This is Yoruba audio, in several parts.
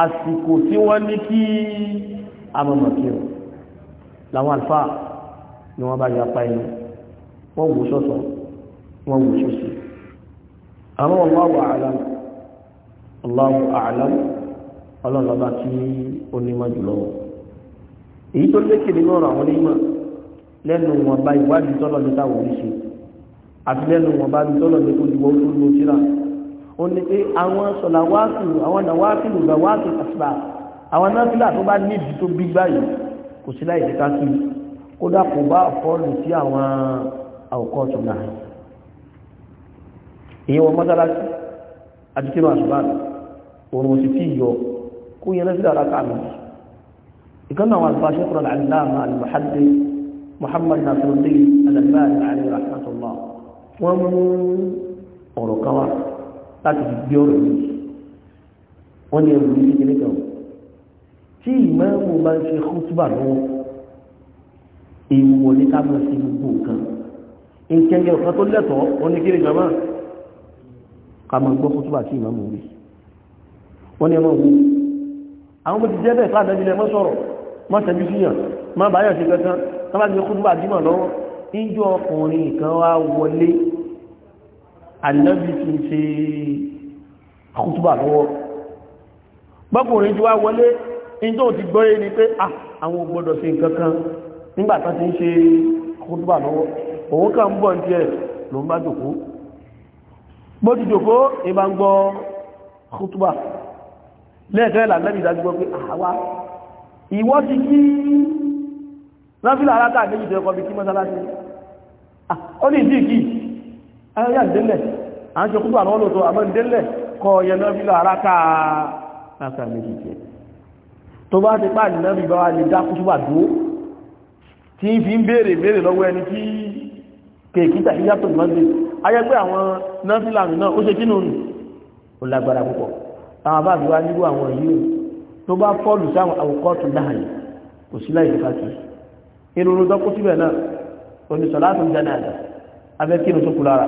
àsìkò tí wọ́n ní kí amọ̀mọ̀kírù láwọn alfa ni wọ́n bá yapa inú wọ́n wò sọ́tọ̀ wọ́n wò sọ́sí àmọ́ Allahu a'lam Allahu a'lam ọlọ́lọ́bá tí ó nímọ̀ jùlọ èyí tó lékè nínú ọ̀rọ̀ àwọn onímọ̀ lẹ́nu wọn bá ìwádìí tọ́lọ́ ní táwọn oníṣe àti lẹ́nu wọn bá ní tọ́lọ́ ní tó ju wọ́n tó lóṣìlá ó ní pé àwọn sọ̀là wáàkìlù àwọn ọ̀nà wáàkìlù gbà wáàkìlù àtìbà àwọn náfìlà tó bá níbi tó bí gbáyìí kò sí láì díká sí kódà kò bá ọ̀fọ́ọ̀lù sí àwọn àwòkọ́ ọ̀tọ̀nà ìyẹn wọn mọ́sálásí àti kí òun sì tí yọ kó yẹn lọ́sílẹ̀ aláka mi ìkan náà wà lọ́pàá ṣẹ́kùrọ̀ Al alìmọ̀hádé muhammad na nasiruddin alàbáyé alìrahmatullah wọ́n mú ọ̀rọ̀ kan wá láti fi gbé ọ̀rọ̀ yìí wọ́n ní ẹrù yìí kékeré kan tí ìmáàmù bá ń ṣe kútùbà lọ́wọ́ èèwọ̀ ní ká máa ṣe gbogbo nǹkan nǹkan yẹn kan tó lẹ́tọ̀ọ́ wọ́n ní kékeré kan máa ká máa gbọ́ kútùbà tí ìmáàmù rí wọ́n ní ẹ máa wú àwọn bó ti jẹ́ bẹ́ẹ̀ fáàdá nílẹ̀ mọ́ sọ̀rọ̀ mọ́ tẹ́jú síyàn má bàyàn ṣe kankan tá bá ti ṣe kútùbà dímọ̀ ànábì ti ń ṣe àkútúbà lọ́wọ́ gbọ́kùnrin tí wá wọlé in tó ti gbọ́yé ni pé ah, àwọn ògbọ́dọ̀ sí nǹkankan nígbàtá ti ń ṣe àkútúbà lọ́wọ́ òun kàn ń bọ̀ ní ẹ̀ ló ń bá jòkó bó ti jòkó ìbá ń gbọ́ àkútúbà lẹ́ẹ̀kẹ́ ẹ̀rọ yà ń délẹ̀ à ń ṣe kúrò àwọn olóòtọ́ àmọ́ ń délẹ̀ kọ yẹnà bí lára káàkà méjì jẹ́ tó bá ti pàdé náà bí bá wà lè dá kútùbà dúó tí fi ń béèrè béèrè lọ́wọ́ ẹni tí kèkítà ìyàtọ̀ ìmọ́lẹ̀ ayẹ́gbẹ́ àwọn náfìlà náà ó ṣe kí nù ó lágbára púpọ̀ àwọn bá bí wá nílò àwọn yìí tó bá fọ́ọ̀lù sáwọn àwòkọ́ọ̀tù láàyè kò sí láì fífàkì irun ló dọ́kú síbẹ̀ náà oníṣọ̀lá tó ń jẹ́ náà abẹ́kínú tó kú lára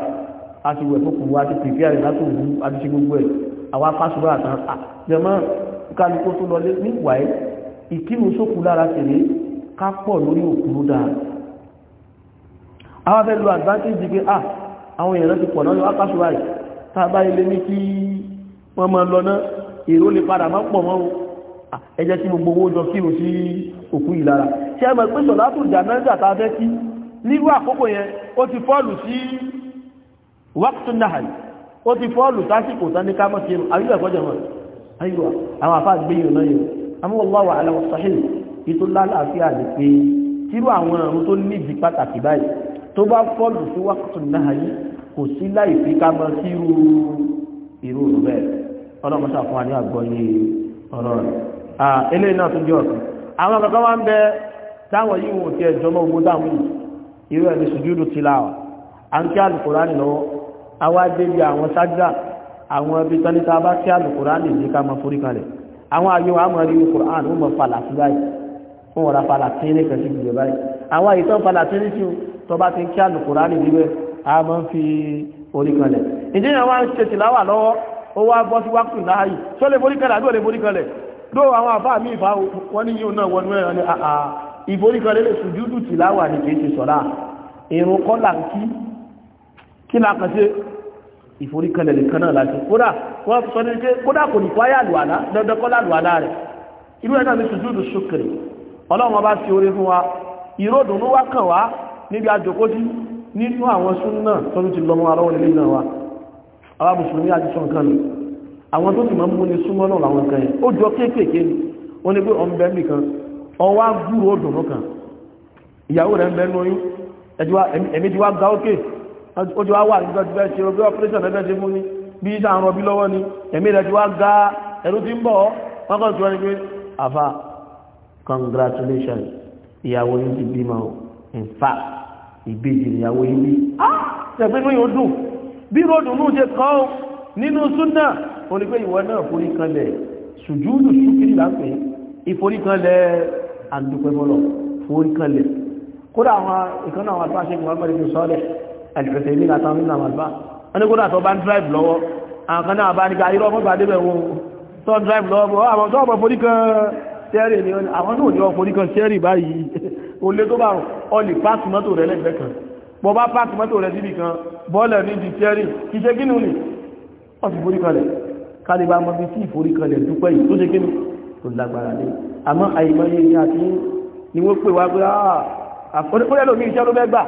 a ti wẹ̀ fókùn wa ti pèpè àrẹ látò wú a ti ṣe gbogbo ẹ̀ àwa fásùrọ̀ àtàn àjẹmọ́ ah, kálukó tó lọlé níwà ẹ̀ ìkírun sókù lára tèrè ká pọ̀ lórí òkú ló dáa àwọn afẹ́ lo advantage pé ah àwọn èèyàn ti pọ̀ a bá ilé ní kí wọ́n máa lọ náà èrò lè padà má pọ̀ mọ́ ah, ẹ jẹ́ wákùtù náà o ti folu tásìkò tání ká mọ́ sí irun àríwá ẹ̀kọ́jọ̀ wọn àríwá àwọn afá gbé yìí náà yìí amúwọ̀láwà aláwọ̀ sahil ètò lálàáfíà lè pé tírú àwọn àrùn tó níbi pàtàkì báyìí tó bá fọ́ọ̀lù sí wákùtù náà yìí kò sí láì fi ká mọ́ sí irú irú bẹ́ẹ̀ ọlọ́mọṣà kankan Awa débi àwọn sájà àwọn ibi tán níta bá kí àlùkùránì lè ní ká mọ forí kalẹ̀ àwọn ayé wa mọ̀ rí kùrán ó mọ̀ falàtí báyìí fún ọ̀rá falàtí ní kan sí gbogbo báyìí àwọn ayé tán falàtí ní sí tó bá ti kí àlùkùránì níbẹ̀ a mọ̀ ń fi forí kalẹ̀ ìdí ìyàwó àwọn ṣe tìláwà lọ́wọ́ ó wá bọ́ sí wákùn láàyè tó lè forí kalẹ̀ àbí ò lè forí kalẹ̀ ló kí la kàn sí ìforíkanlẹ̀ nìkan náà láti kódà wọ́n sọ ní pé kódà kò ní fáyà lùwàlá dandankọ́lá lùwàlá rẹ̀ irú ẹ̀ náà ní sùjúdù ṣùkìrì ọlọ́run ọba sí orí fún wa ìròdùnú wá kàn wá níbi àjòkójí nínú àwọn súnnà tó ti lọ́mọ arọ́wọ́ nílé náà wa àwọn mùsùlùmí àti sọ nǹkan nù àwọn tó ti máa ń mú ní súnmọ́ náà làwọn kan yẹn ẹ̀mí ti wá ga ókè ojú wa wà nígbà tí bẹ́ẹ̀ ṣe ogbé operation ẹgbẹ́ ṣe fún ní bí i sáà rọbí lọ́wọ́ ni ẹ̀mí rẹ̀ ti wá ga ẹ̀rú ti ń bọ̀ wọ́n kàn tí wọ́n ni pé àfà congratulations ìyàwó yìí ti bímọ in fact ìbejì ìyàwó yìí bí ah! ṣẹ̀pẹ́ fún yóò dùn bí ròdùn náà ṣe kọ́ ọ́ nínú súnà ó ní pé ìwọ náà forí kanlẹ̀ sùjúdù ṣúkìrì lápẹ́ ìforí kanlẹ̀ àdúpẹ́ bọ́lọ̀ forí kanlẹ̀ kódà àwọn ìkànnà àwọn àtúnṣe muhammed bin sọ́lẹ̀ àlùfẹ̀sẹ̀ ìmìnà àtàwọn nínú àwọn àlùfà wọn ni kó drive lọ́wọ́ àwọn kan náà bá ní káyọ́ drive lọ́wọ́ àwọn tó ọmọ ni àwọn náà ní wọn forí kan sẹ́rì báyìí o lé tó bá rùn ọ lè pàṣẹ mọ́tò rẹ lẹ́gbẹ̀ẹ́ kan bọ́ bá pàṣẹ mọ́tò rẹ síbi kan bọ́ọ̀lẹ̀ ní di sẹ́rì kì ṣe kínú ni wọ́n ti forí kalẹ̀ kálíbà mọ́ fi sí ìforí dúpẹ́ yìí tó ṣe kínú tó lágbára lé àmọ́ àìmọye ni àti ni wọ́n pè wá pé àà àpọ́nlẹ́lòmí iṣẹ́ ló mẹ́gbà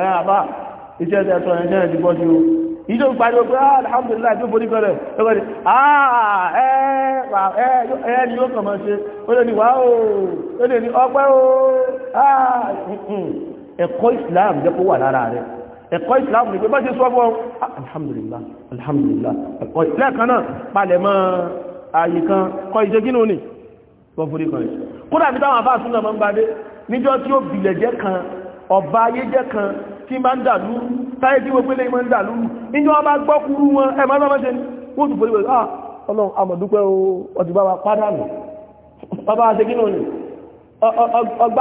ẹ̀ iṣẹ́ tẹ́ tọ́ ẹ̀jẹ́ ti bọ́ sí o ìjọ ìparí ogun alhamdulillah tó borí kọ́rẹ̀ lọ́gbọ́dì ah, ẹ̀ẹ́ ni yóò kàn máa ṣe ó lè ní wá o ó lè ní ọpẹ́ o ah, ẹ̀kọ́ Islam jẹ́ kó wà lára rẹ̀ ẹ̀kọ́ Islam ní pé bá ṣe sọ fún ah, alhamdulillah alhamdulillah ẹ̀kọ́ lẹ́ẹ̀kan náà palẹ̀ mọ́ ààyè kan kọ́ ìṣe gínú ni wọ́n forí kan kódà ní táwọn afáàsúnà máa ń gbadé níjọ́ tí ó bìlẹ̀ jẹ́ kan ọba ayé jẹ́ kan tí máa ń dàlúrú táyé tí wọ́n pẹ́lẹ̀ máa ń dàlúrú inú ọba gbọ́kúrú wọn ẹ máa máa ṣe wọ́n tún pẹ̀lú ah ọlọ́run amọ̀dúpẹ́ o ọdún bàbá pádànù bàbá ṣe kínú ni ọgbà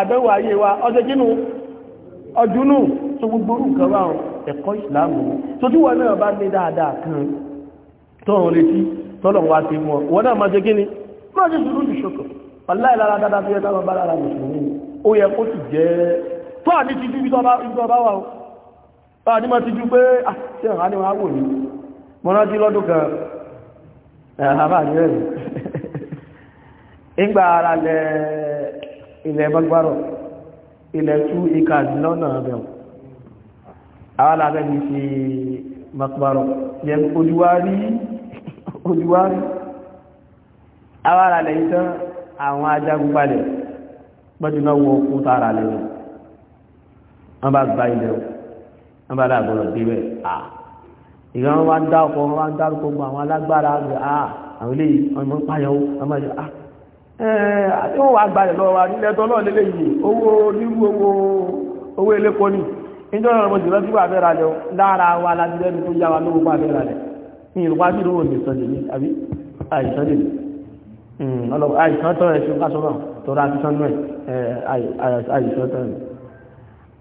àdánwò ayé wa ọṣẹ kínú ọdúnú tó gbogbo nǹkan wà ẹ̀kọ́ ìsìláàmù tó tí wọn náà bá ní dáadáa kan tọ́run létí tọ́lọ̀n wá sí wọn wọn náà máa ṣe kí ni máa ṣe sùúrù ìṣòkò aláìlára dáadáa tó yẹ ká bá lára mùsùlùmí ó yẹ kó sì jẹ́ tó à ní ti jú ibi tó bá wà ó báà ah, ní ma ti jú pé àti ẹ̀hà ni wọ́n á wò ní mọ́ rántí lọ́dún kan àbá ní rẹ̀ nígbà ara lẹ ilẹ̀ mọ́gbárọ̀ ilẹ̀ tú ìka lọ́nà ọ̀bẹ̀ àwọn alábẹ́ ní ṣe mọ́gbárọ̀ yẹn ojúwárí ojúwárí àwọn alábẹ́ ìtàn àwọn ajagunbalẹ̀ pẹ́jù náà lẹ́yìn wọ́n bá gba ilẹ̀ o wọ́n bá dàgbọ́dọ̀ débẹ̀ à ìgbà wọn bá ń dá ọkọ wọn bá ń dárúkọ gbọ àwọn alágbára à àwọn eléyìí wọn máa pààyàn o wọn máa ń à ẹ àti wọn wà gbalẹ̀ lọ́wọ́ nílẹ̀ tó náà lélẹ̀ yìí owó onírú owó owó elépo ni níjọ́ náà mo sì lọ sí wà fẹ́ ra lẹ̀ o lára wa láti lẹ́nu tó yá wa lówó pa fẹ́ ra lẹ̀ ní ìlú wájú lówó ní ìsọ̀lẹ̀ ní àbí hmm, àìsàn lè àìsàn tọ́ ẹ̀ ṣe ń kásọ̀ náà tó ra àìsàn náà àìsàn tọ́ ẹ̀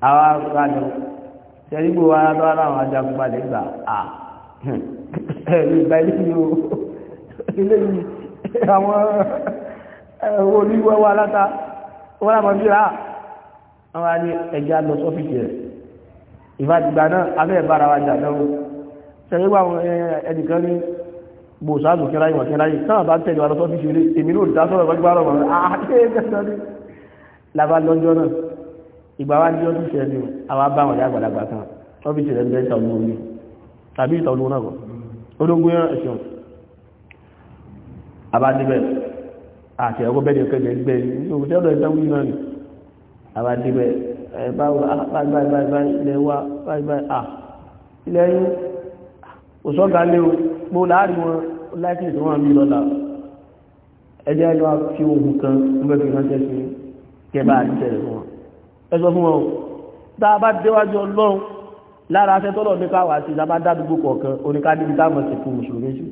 àwa gbani sẹ́yìnbó wa lọ́wọ́ àwọn ajagunbalẹ̀ gbà á ẹ̀rí ìgbà ilé yìí o ilé yìí àwọn ẹ̀wọ̀ oníwọ̀ wa láta wọ́n làmọ́ bí ra àwọn àni ẹ̀já lọ sọ́fíìsì rẹ̀ ìfàdìgbà náà abẹ́ ìbára wa jà náà sẹ́yìnbó àwọn ẹnìkan ní gbòsáàgùn kẹra ìwọ̀n kẹra yìí táwọn bá tẹ̀lé wa lọ sọ́fíìsì rẹ̀ èmi ló dá sọ́rọ̀ gbàgbà ìgbà wá ní ọ́fíìsì ẹni àwọn abáwọn ìyá àgbàlagbà kan ọ́fíìsì rẹ̀ bẹ́ẹ̀ tọ̀lú orí tàbí ìtọ̀lú náà ológun yán ẹ̀ṣùn àbádébẹ̀ àti ẹ̀kọ́ bẹ́ẹ̀ ni ọkẹ́ gbẹ́ ìṣòwòtẹ́lọ ìtọ́wí náà ni àbádébẹ̀ báwo ah, báyìí ilẹ̀ wa báyìí à ah, ilẹ̀ yìí òṣọ́gà lé o mo láàrin wọn láìpẹ́ ìtọ́ wọn mi lọ́la ẹjẹ́ lọ fi ohun kan mo fẹ́ fi ránṣẹ́ sí kẹ́ bá àdìsẹ́ rẹ̀ fún wọn ẹgbẹ́ fún wọn tá a bá déwájú ọlọ́run lára aṣẹ tọ́lọ̀ ní káwà sí ìjọba dádúgbò kọ̀ọ̀kan oníkádébí táwọn sì fún mùsùlùmí sí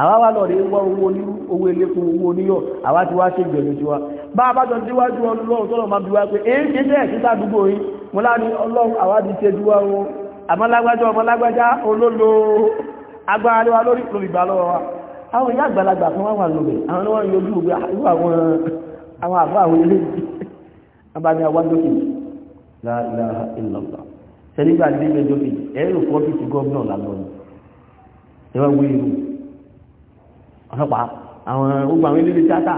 àwa wà lọ rí wọ́n owó onírú owó eléko owó oníyọ̀ àwa ti wá ṣe ìgbẹ̀lú sí wa bá a bá jọ déwájú ọlọ́run tọ́lọ̀ máa bí wá pé èyí ṣe bẹ́ẹ̀ sí dádúgbò àwọn ìyá àwọn ilé ìgbà ni àwọn àjọkìlì la ilaha illallah sẹ́nígbà tí ìgbẹ́jọ kejì ẹ̀rọ kọ́ọ̀tù ti gómìnà làlọ́ ni ẹ wá wí irú ọlọ́pàá àwọn ogun àwọn eléré tíátà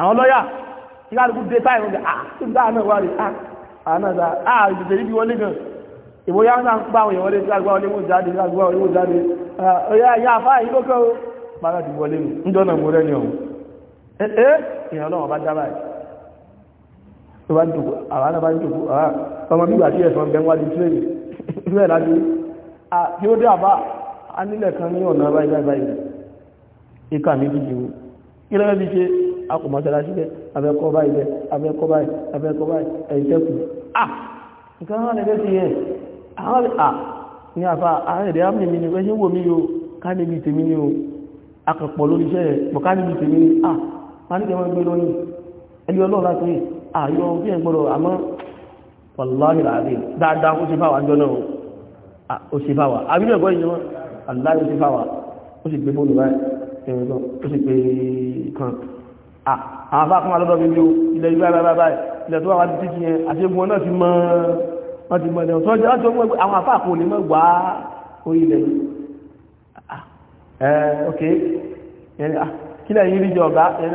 àwọn lọ́yà tí ká lóko dé táyà lóko ah tó dáa náà wá rí ah àná dáa ah ìdìbò níbi wọlé gan ìwọ yá náà ń pa àwọn èèyàn wọlé tí àgbà wọlé wọn jáde àgbà wọlé wọn jáde ọyá ah, ìyá àfá yìí lókè o bàbá ti wọlé nù ń jọ náà mo rẹ ni ọ̀hún eh, ẹ eh, ẹ ìyàn ọlọ́wọ́n bá dá báyìí tó bá ń jòkó àwọn náà bá ń jòkó àwọn ọmọ bíbà tí ẹ̀sán bẹ́ẹ̀ wájú tírẹ̀lì tírẹ̀ lájú tí ó dé àbá a nílẹ̀ kan ní ọ̀nà báyìí báyìí ìka mi ti jù kí lẹ́yìn bí ṣe a kò mọ̀ṣáláṣí bẹ́ẹ̀ abẹ́kọ́ báyìí bẹ́ẹ̀ abẹ́kọ́ báyìí abẹ́kọ́ báyìí ẹ̀yìn tẹ́kù ah nǹkan hàn lẹ́gbẹ́ sí yẹn àwọn à ní àfà àwọn èdè àmì mi ni wọ́n ṣe ń wò mí o ká níbi tèmi ni o akọ̀pọ̀ lórí iṣẹ́ yẹn pọ̀ ká níbi tèmi ni ah má nígbà wọn gbé lọ́yìn ẹni ọlọ́run láti rí àyọ bí ẹ̀ gbọ́dọ̀ àmọ́ wàláhì láàrí dáadáa ó ṣe fáwà jọ́nà ó ṣe fáwà àbínú ẹ̀kọ́ ìjọba aláì ó ṣe fáwà ó sì gbé fóònù báyìí ẹ̀rọ ó sì gbé kan àwọn afá kan alọ́dọ̀ mi ní ilẹ̀ ìgbà báyìí ilẹ̀ tó wà wájú títí yẹn àti egun náà ti mọ wọ́n ti mọ ẹ̀dẹ̀ tó jẹ́ láti ọgbọ́n àwọn afá kò lè mọ́ gbà á orí ilẹ̀ yìí ẹ̀ ok kílẹ̀ yìí rí jọ ọ̀gá ẹ̀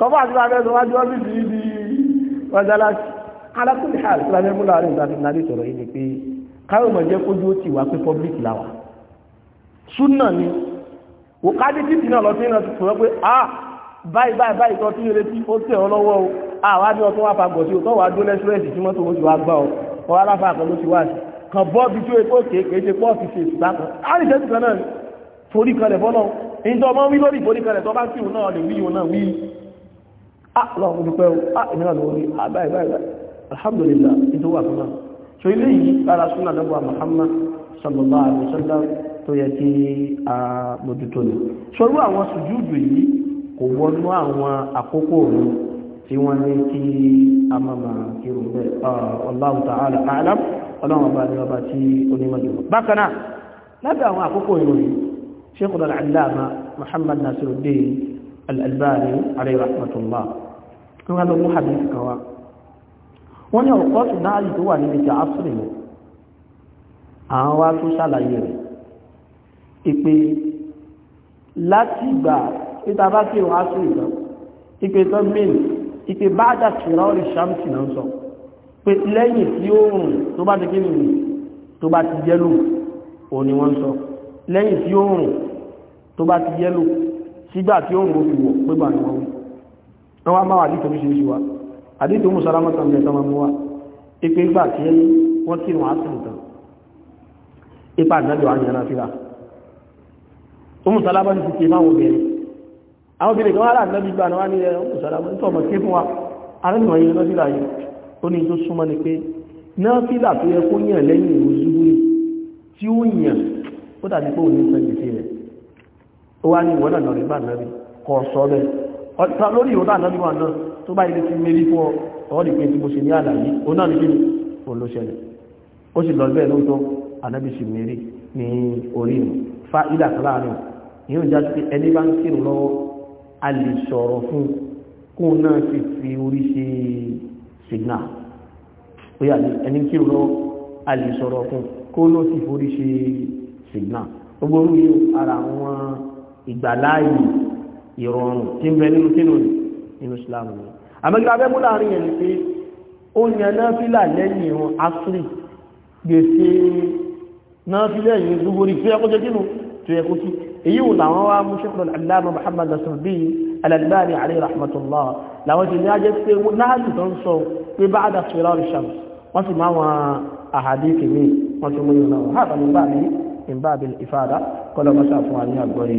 kọ́fà tí wọ́n fẹ́ sọ wájú ọ́fíìsì yìí di mọ́sálásí alákùnrin hàn tí wọ́n fẹ́ múlò àárín ìgbàdùn náà lè sọ̀rọ̀ yìí ni pé káyọ̀ mọ̀ jẹ́ kójú ó ti wà pé public làwà súnà ni wò ká dé títì náà lọ sí iná tuntun pé a báyìí báyìí báyìí tó ti retí ó tẹ̀ ọ́ lọ́wọ́ o a wá ní ọtún wá fa gbọ̀ sí o tó wàá dún lẹ́sírẹ́sì tí mọ́tò ó ti wá gbá o ọ aláfa kan ló ti wá sí kan bọ́ọ̀bì tó epo kéèké ṣe pọ́ọ̀sì ṣe ìṣùgbà kan á lè jẹ́ tìkan náà forí kan lẹ̀ fọ́lọ́ ìjọba wí lórí forí kan lẹ̀ tó bá sí òun náà lè wí òun náà wí Ah, lọ́wọ́ dúpẹ́ ìmìnà lórí àbáyé báyìí alhamdulillah ìtò wà fún so ilé yìí lára súnà lọ́gbà Muhammad sallallahu alaihi wasallam tó yẹ kí a mójútó ní sọ́rú àwọn sùjúdù yìí kò wọnú àwọn àkókò òun tí wọ́n ní kí a máa kírun bẹ́ẹ̀ ah, Allahu ta'ala a'lam ọlọ́run ọba ni ọba tí onímọ̀jù bákan náà lábẹ́ àwọn àkókò ìròyìn Sheikhul Allama Muhammad Nasiruddin Al-Albani alayhi rahmatullah tó wá lọ́wọ́ hadith kan wá wọ́n ní ọ̀kọ́ tó dáàrí tó wà níbi jà áfírí rẹ̀ àwọn wá tó ṣàlàyé rẹ̀ ìpè láti ìgbà títa bá kí wọ́n áfírí rẹ̀ ìpè tó mìíràn ìpè bá dà tìrọ̀ rí ṣámsì náà sọ pé lẹ́yìn tí ó rùn tó bá ti kí nìyí tó bá ti yẹ́lò òun ni wọ́n sọ lẹ́yìn tí ó rùn tó bá ti yẹ́lò sígbà tí ó rùn ó fi wọ̀ pé bà ní wọ́n wí wọ́n wá máa àdítò bí ṣe wá àdítò mú sáramọ́ta ní ẹ̀tọ́ mọ́ wá ipé ìgbà tí wọ́n tí wọ́n á sì nìtàn ipa àdájọ́ àyànà fíra ó mú sáramọ́ ní títí máa wọ́n bẹ̀rẹ̀ àwọn obìnrin kan wá rà náà gbígbà náà ní ẹ̀ ó mú sáramọ́ nítorí ọmọ ké fún wa arẹ́nà yìí lọ́ síra yìí ó ní tó súnmọ́ ni pé náà ọ̀tá lórí ìwọ̀n náà lọ́dún wà náà tó bá ilé ti mérí fún ọ̀rọ̀ ní pé tí mo ṣe ní àlàyé ó náà ní kí o ló ṣẹlẹ̀ ó sì lọ bẹ́ẹ̀ lóòótọ́ ànábì sì ní orí fa ilé àtàláàrin yóò já sí ẹni bá ń kírun lọ́wọ́ a lè sọ̀rọ̀ fún kóun náà sì fi orí ṣe ṣìgbà ó yà ní ẹni kírun lọ́wọ́ a lè sọ̀rọ̀ fún kó ló sì forí ṣe ṣìgbà ìgbàláyìí ìrọ̀rùn tí ń bẹ nínú kínú nínú islam ni àmẹ́gbẹ́ abẹ́mú láàrin yẹn ni pé ó yan náfílà lẹ́yìn ìrun asri gbèsè náfílà yìí zúgbórí tó yẹ kó jẹ́ kínú tó yẹ kó kí èyí wò làwọn wá mú ṣe pẹ̀lú aláàmà muhammad nasirbi al-albani alayhi rahmatullah làwọn ti ní ajẹ́ pé náàtì tó ń sọ fún wa ní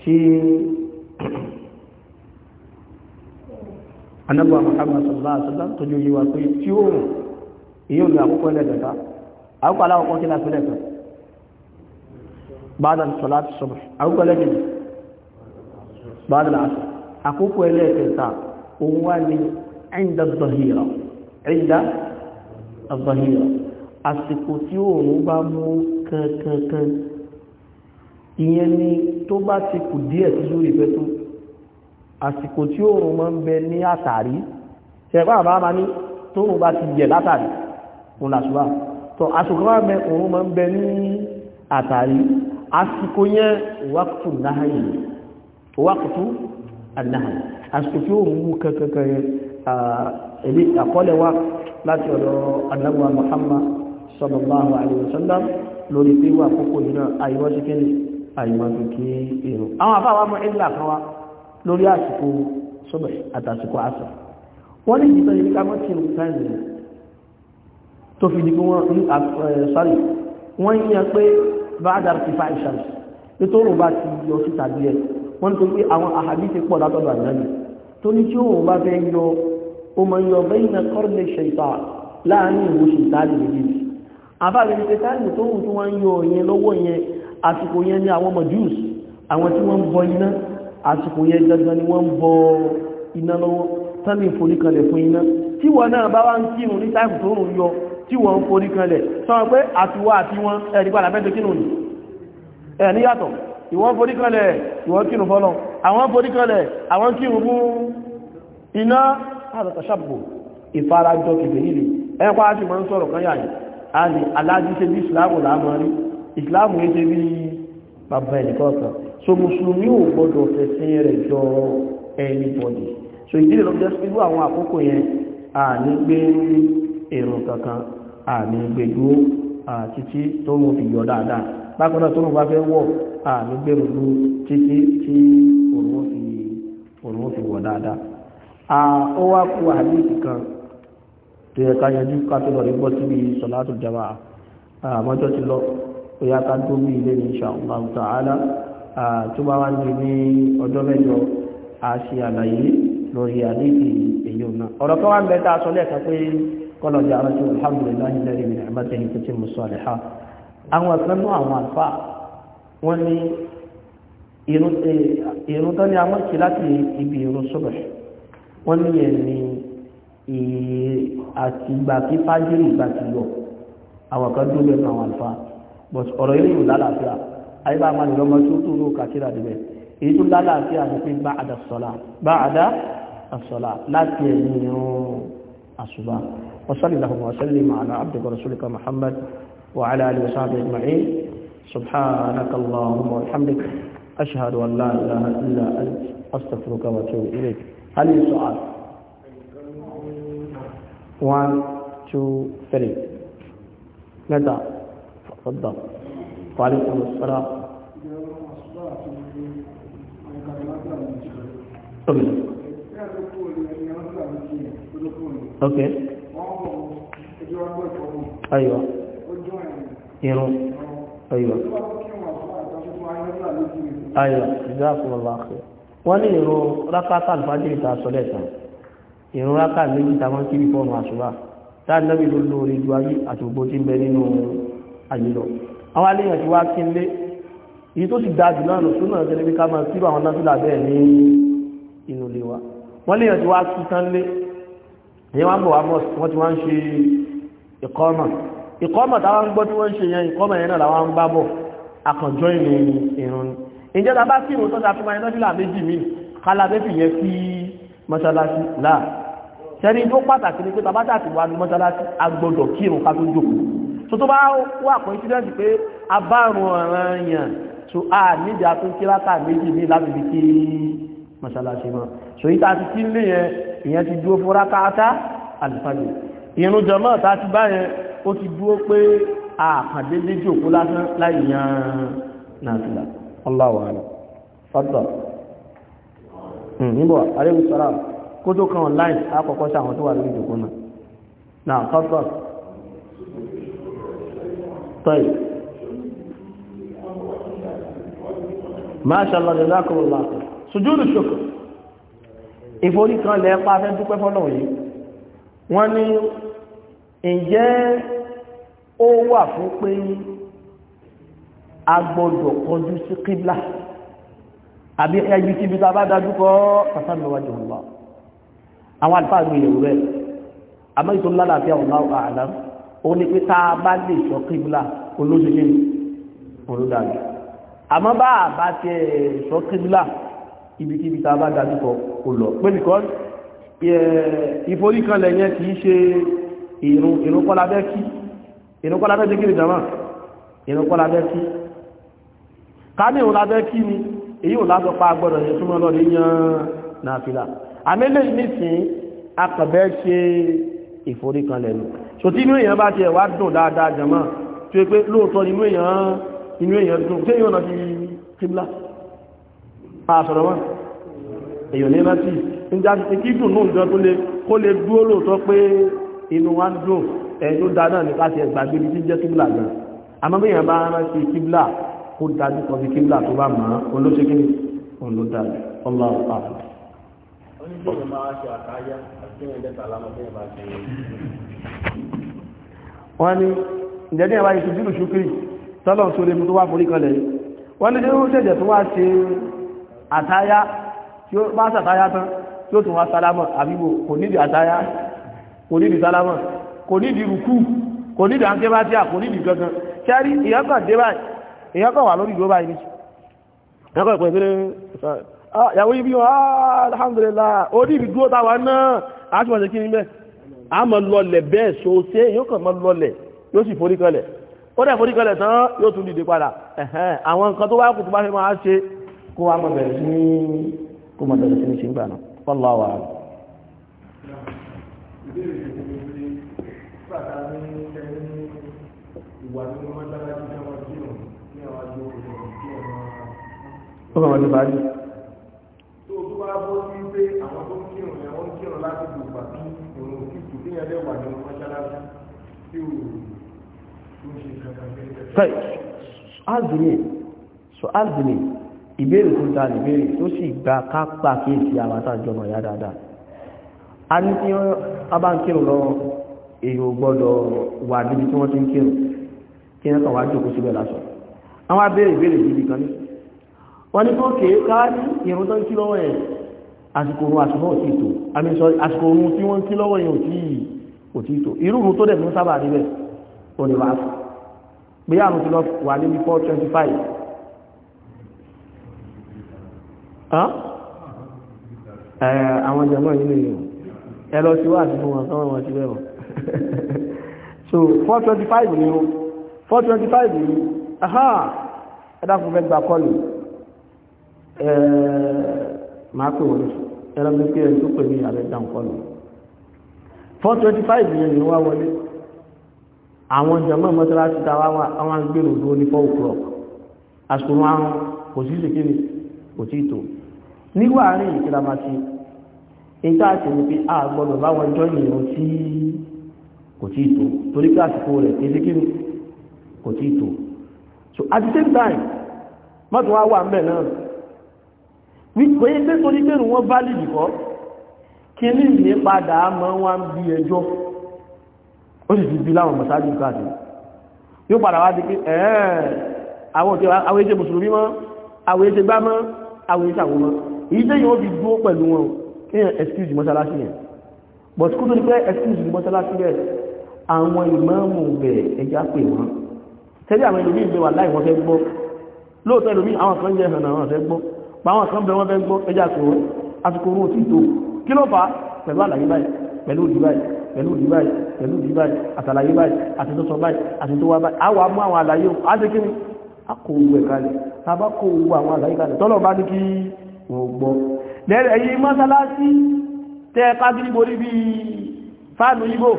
tí anábọ̀ Muhammad sallallahu alaihi wasallam tó jù yíwa pé tí ó rùn ìyóò ní àkókò ẹlẹ́gbẹ̀ta àkókò aláwọ̀kọ́ kí láti lẹ́gbẹ̀ ba'da salati subh àkókò ẹlẹ́gbẹ̀ta ba'da al-'asr àkókò ẹlẹ́gbẹ̀ta òun wá ní inda adh-dhahira inda adh-dhahira àsìkò tí òun bá mú kankankan ìyẹn ni tó bá ti kù díẹ̀ tí lórí ìfẹ́ tó àsìkò tí oòrùn máa ń bẹ ní àtàrí ṣẹ̀fà bá máa ní tóòrùn bá ti yẹ̀ látàrí òun làṣùwà tó àsìkò máa ń bẹ ń bẹ ní àtàrí àsìkò yẹn wákùtù náhàyè wákùtù àdáhàyè tí Muhammad sallallahu alaihi wasallam lórí pé wà àkókò yìí náà àyíwọ́sí kéde àìmọ̀tòkè èrò àwọn afáwà mọ́ ìlà kan wá lórí àsìkò sọ́bẹ̀ àtàsìkò àṣà wọ́n ní ìjìtọ̀ ìrìnká mọ́ tí ìrùn táìmì tó fi dìbò wọn ní sọ́rí wọ́n yíya pé bá dára ti fa ìṣàn pé tó rùn bá ti yọ sí tàbí ẹ wọ́n ní tó pé àwọn àhàbí ti pọ̀ látọ̀dọ̀ àjálù tó ní tí wọ́n ń yọ ìyẹn lọ́wọ́ yẹn àsìkò yẹn ni àwọn mọ̀júùs àwọn tí wọ́n ń bọ iná àsìkò yẹn gangan ni wọ́n ń bọ iná lọ́wọ́ tánì ìforíkanlẹ̀ fún iná tí wọ́n náà bá wá ń kírun ní táìpù tó rùn yọ tí wọ́n ń foríkanlẹ̀ sọ pé àtiwọ́ àti wọn ẹ̀rí padà fẹ́ kírun ni ẹ̀ níyàtọ̀ ìwọ́n foríkanlẹ̀ ìwọ́n kírun fọ́lọ́ àwọn foríkanlẹ̀ àwọn kírun fún iná àtàtàṣàbò ìfarajọ kìbìnrin ìsìláàmù yìí ṣe bí bàbá ẹnìkan kan so mùsùlùmí ò gbọdọ̀ fẹ̀sìn rẹ̀ jọ anybody so ìdílé lọ jẹ́ irú àwọn àkókò yẹn àní gbé èrò kankan àní gbé dúró títí tó ń fi yọ dáadáa bákan náà tó ń bá fẹ́ wọ̀ àní gbé rúdú títí tí òun fi wọ̀ dáadáa ó wá kú àdéhùn kan tó yẹ ká yanjú ká tó lọ rí bọ́ síbi sọ̀látù jama'a àmọ́jọ́ ti lọ ó yá ká tó mú ilé ní inshallah ta'ala tó bá wá ní ní ọjọ́ mẹ́jọ a ṣe àlàyé lórí àdéhì èyí náà ọ̀rọ̀ kan ń bẹ sọ lẹ́ẹ̀kan pé kọ́lọ̀ na arájú alhamdulillahi àwọn kan irun ni a ibi irun dúró lẹ́nu àwọn but ọ̀rọ̀ yìí yóò lálàáfíà àyíká máa lè lọ́mọ tó tóó kàtírà dìbẹ̀ èyí tó lálàáfíà ni pé bá àdá sọ̀lá bá àdá àsọ̀lá láti ẹ̀yìn irun àṣùbà وصلي اللهم وسلم على عبدك ورسولك محمد وعلى اله وصحبه اجمعين سبحانك اللهم وبحمدك اشهد ان لا اله الا انت استغفرك واتوب اليك هل سؤال 1 2 3 ماذا تفضل وعليكم السلام اوكي ايوه ينو ايوه ايوه جزاكم الله خير wọ́n ní ìrún rákàtà alfajiri ta sọ lẹ́ta ìrún rákà méjì ta wọ́n kí bí fọ́nù àṣùbà táà náà bí ló lórí ju ayé àti ògbó tí ń bẹ nínú ayé lọ àwọn aléyàn ti wá kí ń lé èyí tó sì dá jù náà lòsùn náà tẹ́lẹ̀ bí ká máa sírò àwọn náfìlà bẹ́ẹ̀ ní inú ilé wa wọ́n léyàn ti wá kí tán lé èyí wọ́n bọ̀ wá mọ́ wọ́n ti wá ń ṣe ìkọ́mà ìkọ́mà táwọn ń gbọ́ tí wọ́n ń ṣe yẹn ìkọ́mà yẹn náà làwọn ń bá bọ̀ àkànjọ́ ìrìn ìrún ìjọba bá sí ìrún tó ta fún wa iná nílà méjì mi kálábé fi yẹn sí mọ́ṣáláṣí so tó bá wà coincidence pé abárùn ọ̀ràn yàn so a níjà tó kí látà méjì ní láti fi kí mọ́ṣáláṣí mọ́ so yí ta ti kí lè yẹn ìyẹn ti dúó fún rákáátá àlùfáàjò ìrún jọmọ́ ta ti bá yẹn ó ti dúó pé àkàndédé jòkó lásán láì yan nàìjíríà Allahu a'lam fọ́tọ̀ níbọ̀ arẹ́wùsára kó tó kan online àkọ́kọ́ sí àwọn tó wà lórí ìjòkó طيب ما شاء الله جزاكم الله خير سجود الشكر ìforí kan lẹ pa fẹ́ dúpẹ́ fọ́lọ́wọ́ yìí wọ́n ní ǹjẹ́ ó wà fún pé a gbọ́dọ̀ kọjú sí kíblà àbí ẹjú tí bí bá dájú kọ́ pàtàkìwájú ọlọ́ àwọn àlùfáà gbìyànjú rẹ̀ àmọ́ ìtò lálàáfíà ọ̀lá àlàáfíà ó ní pé tá a bá lè sọ kíbùlà olóṣèlú olódàrí àmọ́ bá a bá ti sọ kíbùlà ibikíbi tá a bá dájú kọ kò lọ pé nìkan ìforíkanlẹ̀ yẹn kì í ṣe ìrun ìrun kọ́lá bẹ́ẹ̀ kí ìrun kọ́lá bẹ́ẹ̀ kí ni jama ìrun kọ́lá bẹ́ẹ̀ kí ká ní ìrun lábẹ́ kí ni èyí ò lásọ pa agbọ́dọ̀ yẹn túnmọ́ lọ́dún yán náà fìlà àmẹ́lẹ́ nísìn akọ̀bẹ́ ṣe ìforíkanlẹ̀ ni so tí inú èèyàn bá ti ẹ̀wà dùn dáadáa jàmá tó yẹ pé lóòótọ́ inú èèyàn inú èèyàn dùn tí èèyàn náà ti kíblá àṣọ̀rọ̀ wọn èèyàn ní láti ìjà ti kí dùn náà jọ tó lè kó lè dúró lóòótọ́ pé inú wa ń dùn ẹ̀yìn dá náà ní láti ẹgbà gbé ní jẹ́ kíblá gan àmọ́ bí èèyàn bá rántí kíblá kó dájú kan sí kíblá tó bá mọ̀ ọ́ olóṣèkí ni wọ́n ní bóyá máa ṣe àkáyá àti ìyẹn dẹ́ta lámọ́ bóyá máa ṣe wọ́n ní ìjẹ́dẹ́ ìwáyé ti jùlù ṣúkúrì tọ́lọ̀ tó lè mú tó wá forí kan lẹ̀ wọ́n ní irú ṣẹ̀jẹ̀ tó wá ṣe àtáyá tí ó bá ṣàtáyá tán tí ó tún wá sálámọ̀ àbíbò kò nídìí àtáyá kò nídìí sálámọ̀ kò nídìí rùkú kò nídìí àńkébátíà kò nídìí gangan ṣẹ́rí ìyẹ́kàn dé báyìí ìyẹ́kàn wà lórí ìgbó báyìí Ah, yàwó ibi wọn ah, alhamdulillah orí ibi dúró táwa náà aṣọ́mọ̀sẹ̀ kí ni bẹ́ẹ̀ a mọ̀ lọlẹ̀ bẹ́ẹ̀ so ṣe yóò kàn mọ̀ lọlẹ̀ yóò sì forí kanlẹ̀ ó dẹ̀ forí kanlẹ̀ tán yóò tún dìde padà àwọn nǹkan tó bá kù tó bá fẹ́ máa ṣe kó wa mọ̀ bẹ̀rẹ̀ sí kó mọ̀ bẹ̀rẹ̀ sí ní ṣe ń gbà náà wallahu wá bó sí pé àwọn tó ń kírun yẹn wọ́n ń kírun láti lò wà bí òun ò kíkù bí yẹn lè wà nínú mọ́ṣáláṣí tí ò tó ń ṣe kankan bẹ́ẹ̀. so azmi ìbéèrè tó ta ìbéèrè tó sì gba kápá kéèsì àwọn àtàjọmọ ìyá dáadáa a ní tí wọ́n bá ń kírun lọ èrò gbọ́dọ̀ wà níbi tí wọ́n ti ń kírun kí wọ́n kàn wá jókòó síbẹ̀ lásán àwọn abéèrè ìbéèrè yìí kan nípa wọ́n ní tó kéé káàrí ìrún tó ń kí lọ́wọ́ ẹ̀ àsìkò orun àsìkò òtí ìtò àsìkò orun tí wọ́n ń kí lọ́wọ́ ẹ̀ òtí ìtò irú orun tó dẹ̀ mú sábà níbẹ̀ ó ní wàá pé àrùn ti lọ wà níbi 425 àwọn jẹ̀mọ́ ìlú ìlú ẹ lọ sí wà nínú wọn sọ́wọ́n wọn ti bẹ̀rọ so 425 ni ó 425 ni aha ẹ̀dàkùnfẹ́ gbà kọlù máa pè wọlé ẹran pé ẹni tó pè ní ààrẹ 425 yẹn ni wá wọlé àwọn jàmọ́ mọ́sálásí ta wá ń gbèrò dúró ní 4 o'clock àsìkò wọn kò sí ni kò tí tó nígbà ti ìta àti ní pé a gbọ́dọ̀ báwọn jọ ìyẹn tí kò tí tó torí pé àsìkò rẹ̀ kéde tó so at the same time mọ́tò wá wà ń náà nípa yí pé torí pé wọ́n bá lè dìkọ́ kí ní ní padà mọ́ wọn bí ẹjọ́ ó sì ti bí láwọn mọ̀sájú káàkiri yóò padà wá di pé ẹ̀ẹ́ àwọn èdè mùsùlùmí mọ́ àwọn èdè gbá mọ́ àwọn èdè àwọn mọ́ èyí tẹ́ yóò fi dúó pẹ̀lú wọn kí yẹn excuse mọ́sálásí yẹn but kó tó ní pé excuse mọ́sálásí yẹn àwọn ìmáàmù bẹ̀ ẹja pè wọ́n tẹ́lẹ̀ àwọn ẹlòmíì bẹ̀ wà láì wọ́n fẹ́ gbọ́ lóòótọ́ ẹlòmíì àwọn kan jẹ́ hàn àwọn fẹ́ gbọ́ pàwọn kan bẹ wọ́n fẹ́ gbọ́ ẹjá tó àsìkò orun òtí tó kí ló fà pẹ̀lú àlàyé báyìí pẹ̀lú òdì báyìí pẹ̀lú òdì báyìí pẹ̀lú òdì báyìí àtàlàyé báyìí àti tó sọ báyìí àti tó wá báyìí àwọn amú àwọn àlàyé òun á ti kí ni a kò wù ẹ̀ kalẹ̀ tàbá kò wù àwọn àlàyé kalẹ̀ tọ́lọ̀ bá ní kí wọ́n gbọ́ lẹ́rẹ̀ èyí mọ́sálásí tẹ́ kágiri borí bí fáànù yíbò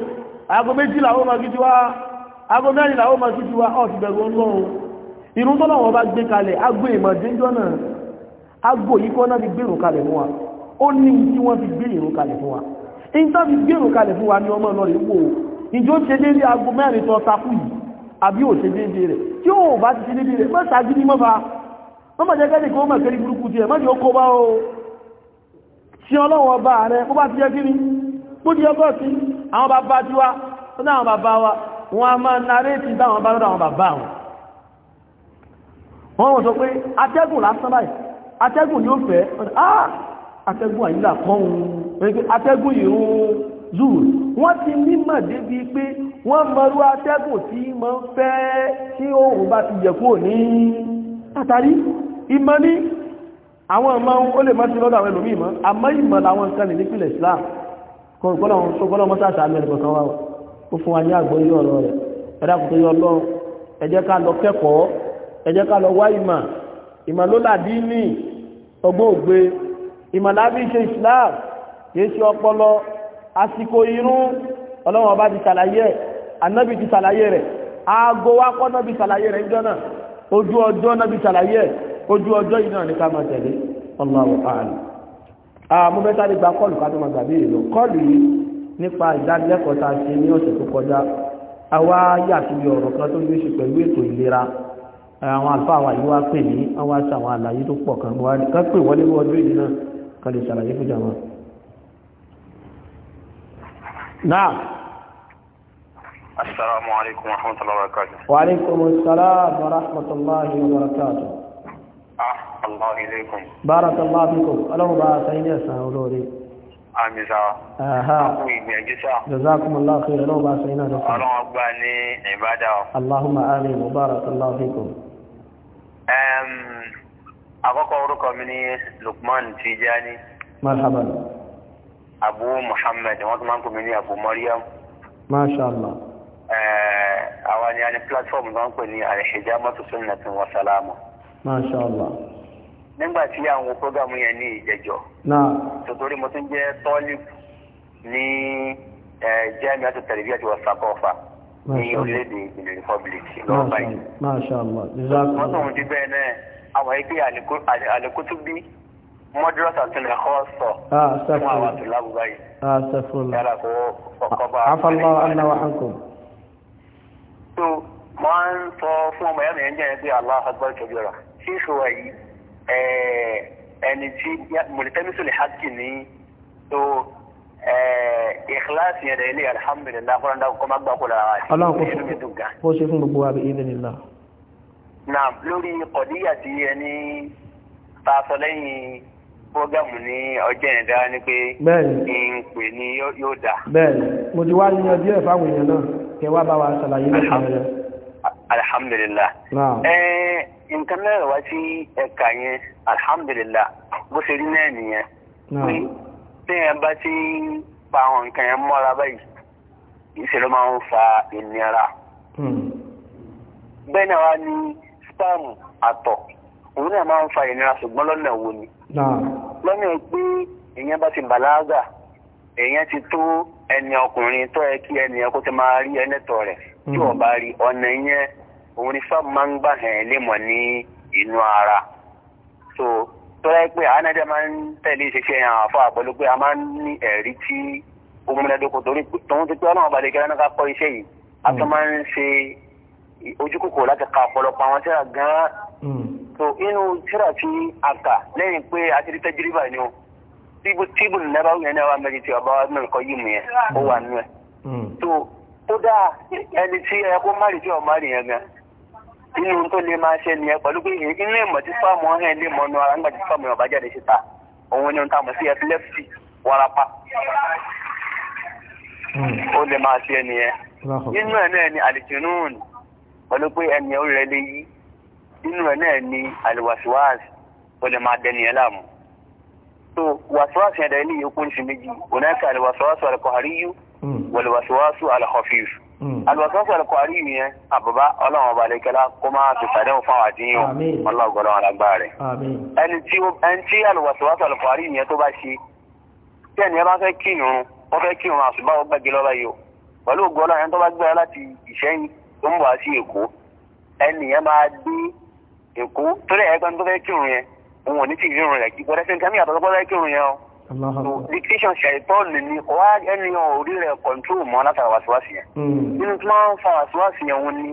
aago méjì làwọn máa kí ti wá aago mẹ́rin làwọn máa kí ti wá ọ̀sì bẹ̀rù irun tọ́lọ̀ bá gbé kalẹ̀ agbé ìmọ̀ déjọ́ agbó yìí kọ́ náà fi gbèrò kalẹ̀ fún wa ó ní tí wọ́n fi gbé ìrún kalẹ̀ fún wa in tó fi gbé ìrún kalẹ̀ fún wa ní ọmọ lọ́rẹ̀ wò ó ìjọ ṣe déédé aago mẹ́rin tó takú yìí àbí ò ṣe déédé rẹ̀ tí ó bá ti ṣe déédé rẹ̀ mọ́ta gidi mọ́fà mọ́mà jẹ́ mọ̀ kẹ́lẹ̀ burúkú ti jẹ́ kíni bó wa tó ní àwọn bàbá wa wọn a máa naréètì báwọn wọ́n sọ pé atẹ́gùn lásán báyìí atẹ́gùn ni ó fẹ́ ah, atẹ́gùn àyílà kan òun atẹ́gùn ìrún zuru wọ́n ti mímọ̀ débi pé wọ́n mọ̀rú atẹ́gùn tí mọ́ ń fẹ́ tí òun bá ti yẹ̀kú ní àtàrí ìmọ̀ ní àwọn ọmọ ó lè mọ́ sí lọ́dọ̀ àwọn ẹlòmí ìmọ̀ àmọ́ ìmọ̀ làwọn nǹkan nípìnlẹ̀ Islam kọ̀ọ̀kọ́lọ́ ìmọ̀lólàdí ní ọgbọ́n ògbé ìmọ̀lábí ṣe islam kìí ṣe ọpọlọ àsìkò irun ọlọ́run ọba ti ṣàlàyé ẹ̀ anábì ti ṣàlàyé rẹ̀ aago wa kọ́ náà bí ṣàlàyé rẹ̀ níjọ́ ojú ọjọ́ náà bí ṣàlàyé ojú ọjọ́ Allahu a'lam àmú bẹ́ẹ̀ sáré gba kọ́ọ̀lù ká tó máa gbàgbé ìlú kọ́ọ̀lù yìí nípa ìdánilẹ́kọ̀ọ́ ta ṣe ní ọ̀sẹ̀ tó kọjá àwa yà sí ọ̀rọ̀ kan tó gbé ṣe pẹ̀lú ètò ìlera àwọn àlùfáà wa yìí wá pè ní àwọn aṣọ àwọn àlàyé tó pọ̀ kan wá ká pè wọlé wọ́dún ìdí náà kan lè ṣàlàyé fún jàmọ́ náà السلام عليكم ورحمة الله وبركاته وعليكم السلام ورحمة الله وبركاته أه الله إليكم بارك الله فيكم ألو ní ìbádà. Allahumma àkọ́kọ́ orúkọ mi ní Lukman Tijani. marhaban. Abu Muhammad wọn tún máa ń pè mí ní Abu Mariam. masha Allah. ni a ní platform tó ń pè ní Al-Hijamatu Sunnatun wa Salama. masha Allah. nígbà tí àwọn programu yẹn ní ìjẹjọ. náà. tòtòrí mo tún jẹ́ tọ́lì ní ní orílẹ̀-èdè Benin Republic lọ́ọ̀bá yìí. wọ́n tó ń di bẹ́ẹ̀ náà àwọn ẹgbẹ́ àlékútúbí mọ́dúrọ́sà tó lè kọ́ sọ ah, fún àwọn àtúláwù báyìí. Ah, yàrá kó ọkọ̀ bá so wọ́n ń sọ fún ọmọ ẹ̀mí ẹ̀jẹ̀ ẹgbẹ́ aláhùn agbára ìtọ́jú ọ̀rọ̀ ṣíṣù ẹ̀yìn ẹni tí mọ̀lẹ́tẹ́mísọ̀lẹ̀ hákì ní ìkíláàsì yẹn dẹ̀ ilé alihamudulilayi kọ́ra ndakọ̀ kọ́ máa gbà kó lára wa. ọlọ́run kò ṣe fún gbogbo wa bí ilé nìlá. naam lórí kọ̀díyà tí ẹ ní taasọ lẹ́yìn fọ́gámù ní ọjọ́ yẹn dára ni pé kí n pè ní yóò dà. bẹ́ẹ̀ni mo ti wá yan díẹ̀ fáwọn èèyàn náà kẹ wá bá wa ṣàlàyé nípa rẹ. alhamdulilah. Eh, nǹkan mẹ́rin wá sí ẹ̀ka yẹn alhamdulilah bó ṣe rí náà nìyẹn téèyàn bá ti ń pa àwọn nǹkan yẹn mọ́ra báyìí ìṣe ló máa ń fa ìnira. Hmm. bẹ́ẹ̀ náà wá ní spam àtọ̀ òun náà máa ń fa ìnira ṣùgbọ́n lọ́nà wo ni. lọ́nà pé èèyàn bá ti bàlágà èèyàn ti tó ẹni ọkùnrin tó yẹ kí ẹni ẹkọ ti máa rí ẹlẹ́tọ̀ rẹ̀ hmm. tí wọ́n bá rí ọ̀nà yẹn òun ni spam máa ń gbà hàn lé mọ̀ ní inú ara. so tó yẹ pé àwọn ẹ̀dẹ̀ máa ń tẹ̀lé ìṣẹ̀ṣẹ̀ yẹn àfọ àpẹẹlú pé a máa ń ní ẹ̀rí tí ó múlẹ̀ dóko torí tòun ti pé ọlọ́run ọba lè kẹ́rẹ́ náà ká kọ́ iṣẹ́ yìí a tún hmm. máa ń ṣe ojú kòkò láti ka ọ̀pọ̀lọpọ̀ àwọn tíra gan-an tó hmm. inú tíra tí a kà lẹ́yìn pé a ti rí tẹ́jìrìbà ni o tíbù nẹ́bà yẹn náà wà mẹ́rin tí ọba náà kọ́ yìí mú yẹn ó wà nú ẹ̀ tó hmm. kódà ẹni tí ẹ kó má rí tí ọ̀ ní ohun tó lè máa ṣe nìyẹn pẹ̀lú pé inú ìmọ̀ tí fáàmù ọ̀hún lè mọ̀nú ara nígbà tí fáàmù ìwọ̀n bá jáde síta òun ni ohun tá a mọ̀ sí epilepsy warapa ó lè máa ṣe nìyẹn nínú ẹ̀ náà ni àlìjùnún pẹ̀lú pé ẹni orí rẹ̀ lè yí nínú ẹ̀ náà ni àlìwàsíwàsì ó lè máa dẹni láàmú so wàsíwàsì ẹ̀dá ilé yìí ó kún méjì òun náà kà àlìwàsíwàsì alùpàtàkì hmm. alùkọ́rí mi yẹn àbàbá ọlọ́run ọba lẹ́kẹ́lá kó máa fi sàdéhùn fún àwọn àdínyìn ọlọ́gọ́rọ̀ alágbára rẹ̀ ẹni tí alùpàtàkì alùkọ́rí mi yẹn tó bá ṣe tí ẹni bá fẹ́ kí irun wọ́n fẹ́ kí irun àṣùbá wọ́n gbẹ́gi lọ́ba yìí o pẹ̀lú ògo ọlọ́run ẹni tó bá gbẹ́ra láti ìṣẹ́yìn tó ń bọ̀ sí èkó ẹni yẹn máa dé èkó tó lẹ́yìn ẹgbẹ́ tó fẹ́ kí irun yẹn òun ò ní tì dictation ṣàìtọ́ọ̀nù ni wá ẹni orí rẹ̀ kọ̀ǹtúrò mọ́ látara wàsíwàsí yẹn hmm. nínú tí wọ́n ń fa wàsíwàsí yẹn wọn ni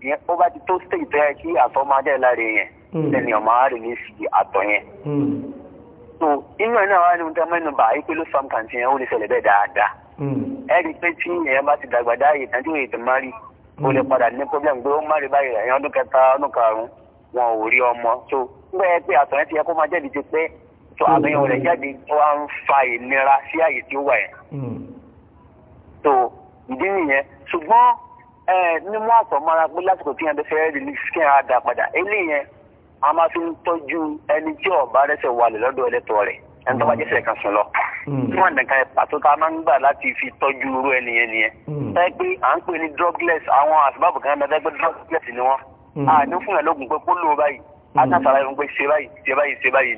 pé ó bá ti tó stage tó yẹ kí àtọ̀ máa jẹ́ láre yẹn lẹ́ni ọmọ àárẹ̀ ní sí àtọ̀ yẹn hmm. so inú ẹ̀ náà wá ní ohun tí a mẹ́nu bà yí pé ló sam kàǹtì yẹn ó lè ṣẹlẹ̀ bẹ́ẹ̀ dáadáa hmm. ẹ rí i pé tí èèyàn bá ti dàgbà dáàyè tàbí ètò mari ó lè padà ní problem pé ó má rí báyìí ẹ̀yàn ọdún kẹta ọdún tó àbẹ̀yẹn ò lè jáde wá ń fa ìnira sí àyè tí ó wà yẹn. tó hmm. ìdí nìyẹn ṣùgbọ́n mímú àtọ̀mọ́ra pé lásìkò tí yẹn bẹ fẹ́ rìlíìsì kí yẹn á dá padà eléyẹn a máa fi ń tọ́jú ẹni tí ọ̀bá rẹ̀sẹ̀ wà lè lọ́dọ̀ ẹlẹ́tọ̀ rẹ̀ ẹni tó bá hmm. jẹ́sẹ̀ kan sùn lọ. tí hmm. wọ́n nìkan pàtó tá a máa ń gbà láti fi tọ́jú irú ẹni yẹn nìyẹn. táyé pé à ń pè ní drugless àwọn àṣìbáàbò kan náà dágbé drugless ni wọ́n. a ní fún ẹ̀ lóògùn pé kó lò báyìí a ká sàlàyé fún pé ṣe báyìí ṣe báyìí ṣe báyìí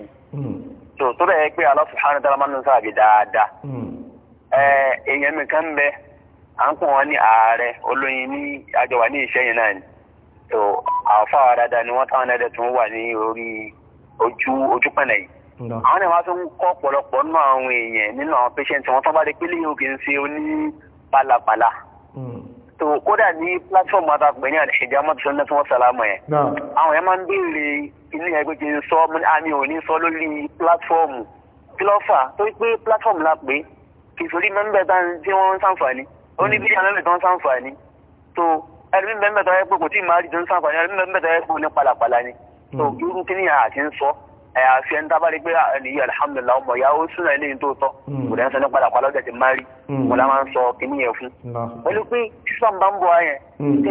tó tó bẹ́ẹ̀ pé Allah subhanahu wa ta'ala dáadáa hmm. èèyàn mi kan bẹ a ń pọ̀ wọn ní ààrẹ olóyin ní àjọwà ní ìṣẹ́yìn náà ni tó àfáwà dáadáa ni wọ́n táwọn ẹ̀dẹ̀ tó ń wà ní orí ojú ojú yìí àwọn tó ń nínú àwọn èèyàn nínú àwọn wọn tó bá dé ṣe oní tó hmm. kódà ní mọ́tò yẹn inú yẹn gbé jẹ́ sọ àmì ò ní sọ lórí pílátífọ́ọ̀mù kí ló fà torí pé pílátífọ́ọ̀mù la pè é kìsòrí mẹ́mbẹ́ tán tí wọ́n ń sàǹfààní ó ní bíi hmm. àmẹ́mbẹ́ tán ń sàǹfààní tó ẹni mẹ́mbẹ́ tán yẹ pé kò tí ì máa rí tó ń sàǹfààní ẹni mẹ́mbẹ́ tán yẹ pé ní palapala ni tó hmm. irú kí ni àti ń sọ àyàfi ẹni tábà rí pé nìyí alihamudulilayi ọmọ ìyá ó súnà ilé yìí tó tọ́ hmm. kò dẹ́ sọ ní palapala ó tẹ̀sí máa rí wọn la máa ń sọ kí nìyẹn fún pẹ̀lú pé sísàmbá ń bọ̀ ayẹn kí